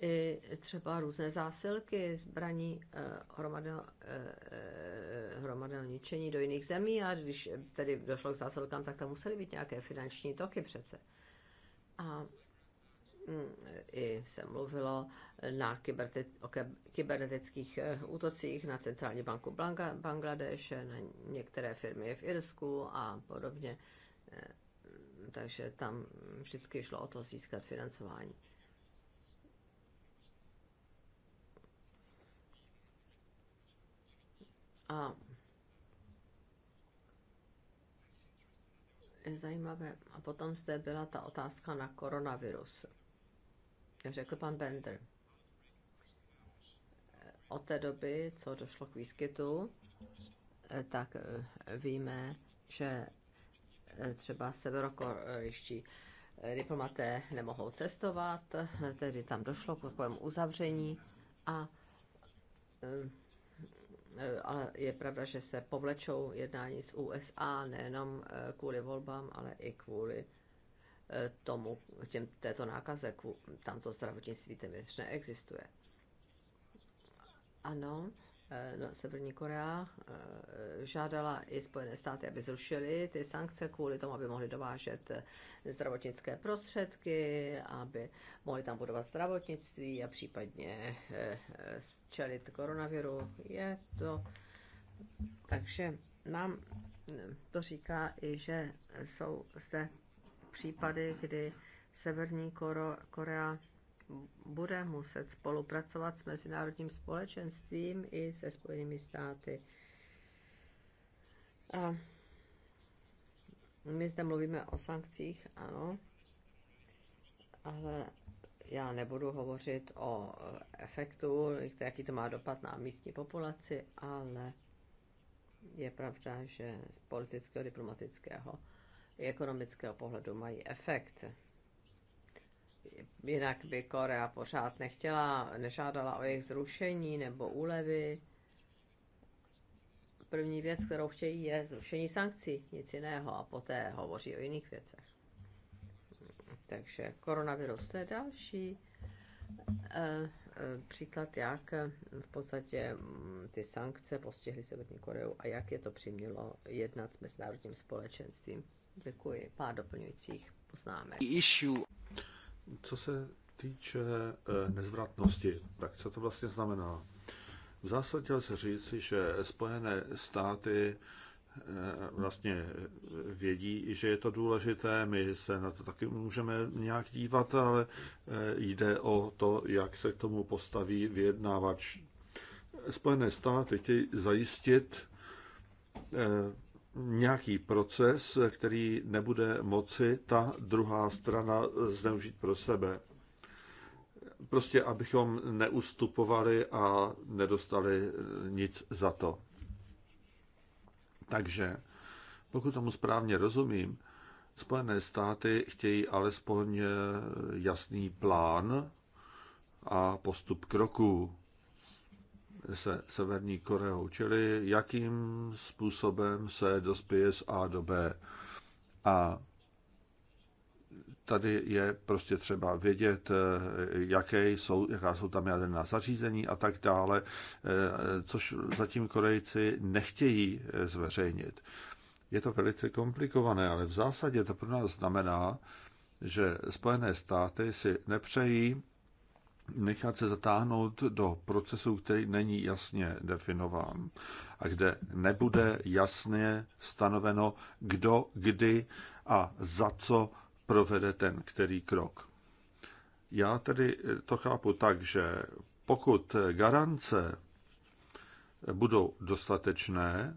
Speaker 1: i třeba různé zásilky, zbraní eh, hromadného eh, eh, ničení do jiných zemí a když tedy došlo k zásilkám, tak tam musely být nějaké finanční toky přece. A mm, i se mluvilo na o kybernetických útocích na Centrální banku Bangladeše, na některé firmy v Irsku a podobně. Takže tam vždycky šlo o to získat financování. A je zajímavé. A potom zde byla ta otázka na koronavirus. Řekl pan Bender. Od té doby, co došlo k výskytu, tak eh, víme, že eh, třeba severokorejští eh, diplomaté nemohou cestovat, tedy tam došlo k takovému uzavření a Eh, ale je pravda, že se povlečou jednání z USA nejenom eh, kvůli volbám, ale i kvůli eh, tomu, těm, této nákaze, tamto zdravotnictví téměř neexistuje. Ano, Eh, na Severní Korea eh, žádala i Spojené státy, aby zrušili ty sankce kvůli tomu, aby mohli dovážet eh, zdravotnické prostředky, aby mohli tam budovat zdravotnictví a případně čelit koronaviru. Je to. Takže nám to říká i, že jsou zde případy, kdy Severní Korea bude muset spolupracovat s mezinárodním společenstvím i se Spojenými státy. A my zde mluvíme o sankcích, ano, ale já nebudu hovořit o efektu, jaký to má dopad na místní populaci, ale je pravda, že z politického, diplomatického i ekonomického pohledu mají efekt jinak by Korea pořád nechtěla, nežádala o jejich zrušení nebo úlevy. První věc, kterou chtějí, je zrušení sankcí, nic jiného, a poté hovoří o jiných věcech. Takže koronavirus to je další eh, eh, příklad, jak eh, v podstatě mm, ty sankce postihly Severní Koreu a jak je to přimělo jednat s mezinárodním společenstvím. Děkuji. Pár doplňujících poznámek.
Speaker 3: Issue co se týče eh, nezvratnosti, tak co to vlastně znamená? V zásadě se říci, že Spojené státy eh, vlastně vědí, že je to důležité, my se na to taky můžeme nějak dívat, ale eh, jde o to, jak se k tomu postaví vyjednávač. Spojené státy chtějí zajistit nějaký proces, který nebude moci ta druhá strana zneužít pro sebe. Prostě abychom neustupovali a nedostali nic za to. Takže, pokud tomu správně rozumím, Spojené státy chtějí alespoň jasný plán a postup kroků se Severní Koreou, čili jakým způsobem se dospěje z A do B. A tady je prostě třeba vědět, eh, jaké jsou, jaká jsou tam jaderná zařízení a tak dále, eh, což zatím Korejci nechtějí eh, zveřejnit. Je to velice komplikované, ale v zásadě to pro nás znamená, že Spojené státy si nepřejí nechat se zatáhnout do procesu, který není jasně definován a kde nebude jasně stanoveno, kdo, kdy a za co provede ten který krok. Já tedy to chápu tak, že pokud garance budou dostatečné,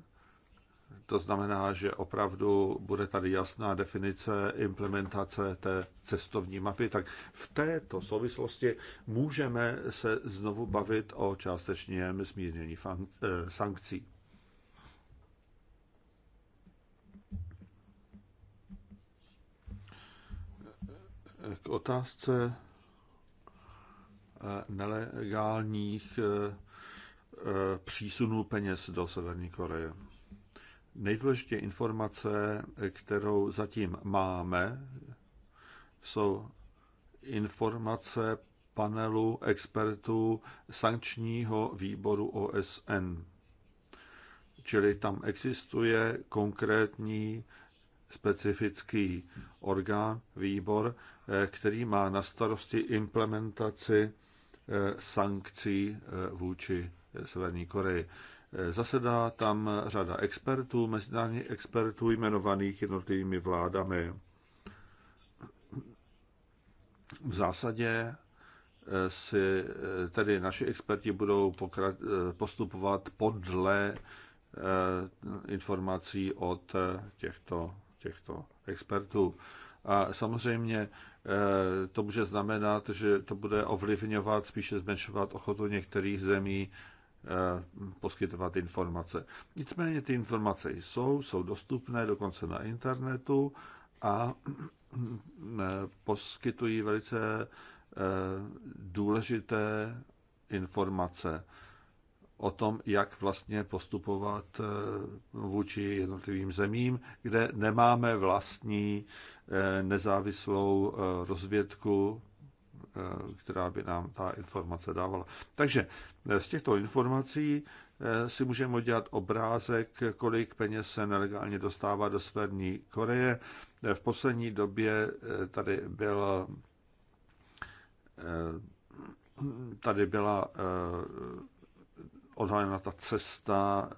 Speaker 3: to znamená, že opravdu bude tady jasná definice implementace té cestovní mapy. Tak v této souvislosti můžeme se znovu bavit o částečném zmírnění eh, sankcí. K otázce eh, nelegálních eh, přísunů peněz do Severní Koreje. Nejdůležitě informace, kterou zatím máme, jsou informace panelu expertů sankčního výboru OSN. Čili tam existuje konkrétní specifický orgán, výbor, eh, který má na starosti implementaci eh, sankcí eh, vůči Severní Koreji. Eh, zasedá tam řada expertů, mezinárodních expertů jmenovaných jednotlivými vládami. V zásadě eh, si eh, tedy naši experti budou postupovat podle informací od těchto, těchto expertů. A samozřejmě to může znamenat, že to bude ovlivňovat, spíše zmenšovat ochotu některých zemí Eh, poskytovat informace. Nicméně ty informace jsou, jsou dostupné dokonce na internetu a eh, poskytují velice eh, důležité informace o tom, jak vlastně postupovat vůči jednotlivým zemím, kde nemáme vlastní nezávislou rozvědku Eh, která by nám ta informace dávala. Takže eh, z těchto informací eh, si můžeme udělat obrázek, kolik peněz se nelegálně dostává do Severní Koreje. V poslední době tady byl tady byla odhalena ta cesta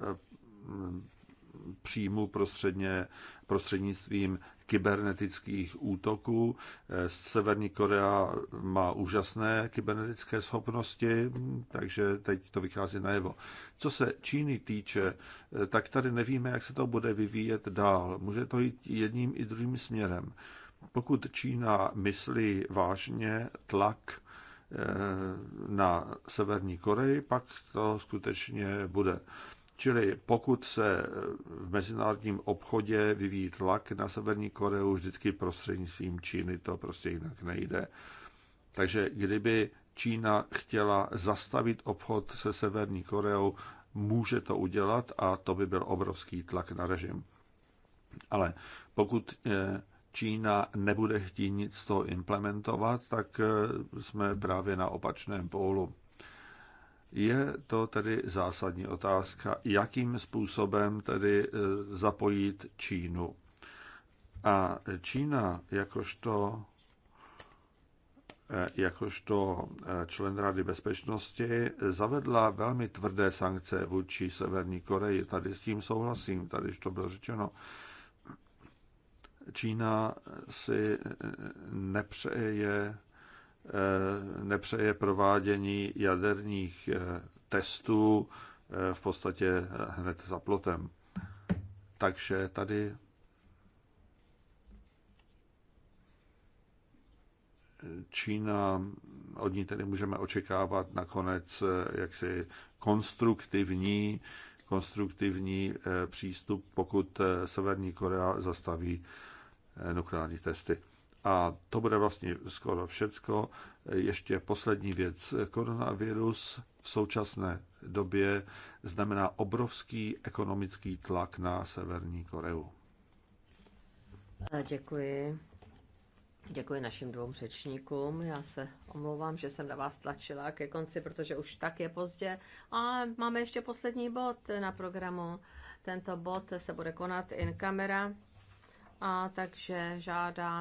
Speaker 3: příjmu prostředně, prostřednictvím kybernetických útoků. Eh, Severní Korea má úžasné kybernetické schopnosti, takže teď to vychází najevo. Co se Číny týče, eh, tak tady nevíme, jak se to bude vyvíjet dál. Může to jít jedním i druhým směrem. Pokud Čína myslí vážně tlak eh, na Severní Koreji, pak to skutečně bude. Čili pokud se eh, v mezinárodním obchodě vyvíjí tlak na Severní Koreu vždycky prostřednictvím Číny, to prostě jinak nejde. Takže kdyby Čína chtěla zastavit obchod se Severní Koreou, může to udělat a to by byl obrovský tlak na režim. Ale pokud eh, Čína nebude chtít nic z toho implementovat, tak eh, jsme právě na opačném pólu. Je to tedy zásadní otázka, jakým způsobem tedy e, zapojit Čínu. A Čína jakožto e, jakožto e, člen Rady bezpečnosti zavedla velmi tvrdé sankce vůči Severní Koreji. Tady s tím souhlasím, tady to bylo řečeno. Čína si nepřeje Eh, nepřeje provádění jaderních eh, testů eh, v podstatě hned za plotem. Takže tady Čína, od ní tedy můžeme očekávat nakonec jaksi konstruktivní, konstruktivní přístup, pokud Severní Korea zastaví nukleární testy. A to bude vlastně skoro všecko. Ještě poslední věc. Koronavirus v současné době znamená obrovský ekonomický tlak na Severní Koreu.
Speaker 1: Děkuji. Děkuji našim dvou řečníkům. Já se omlouvám, že jsem na vás tlačila ke konci, protože už tak je pozdě. A máme ještě poslední bod na programu. Tento bod se bude konat in kamera. A takže žádám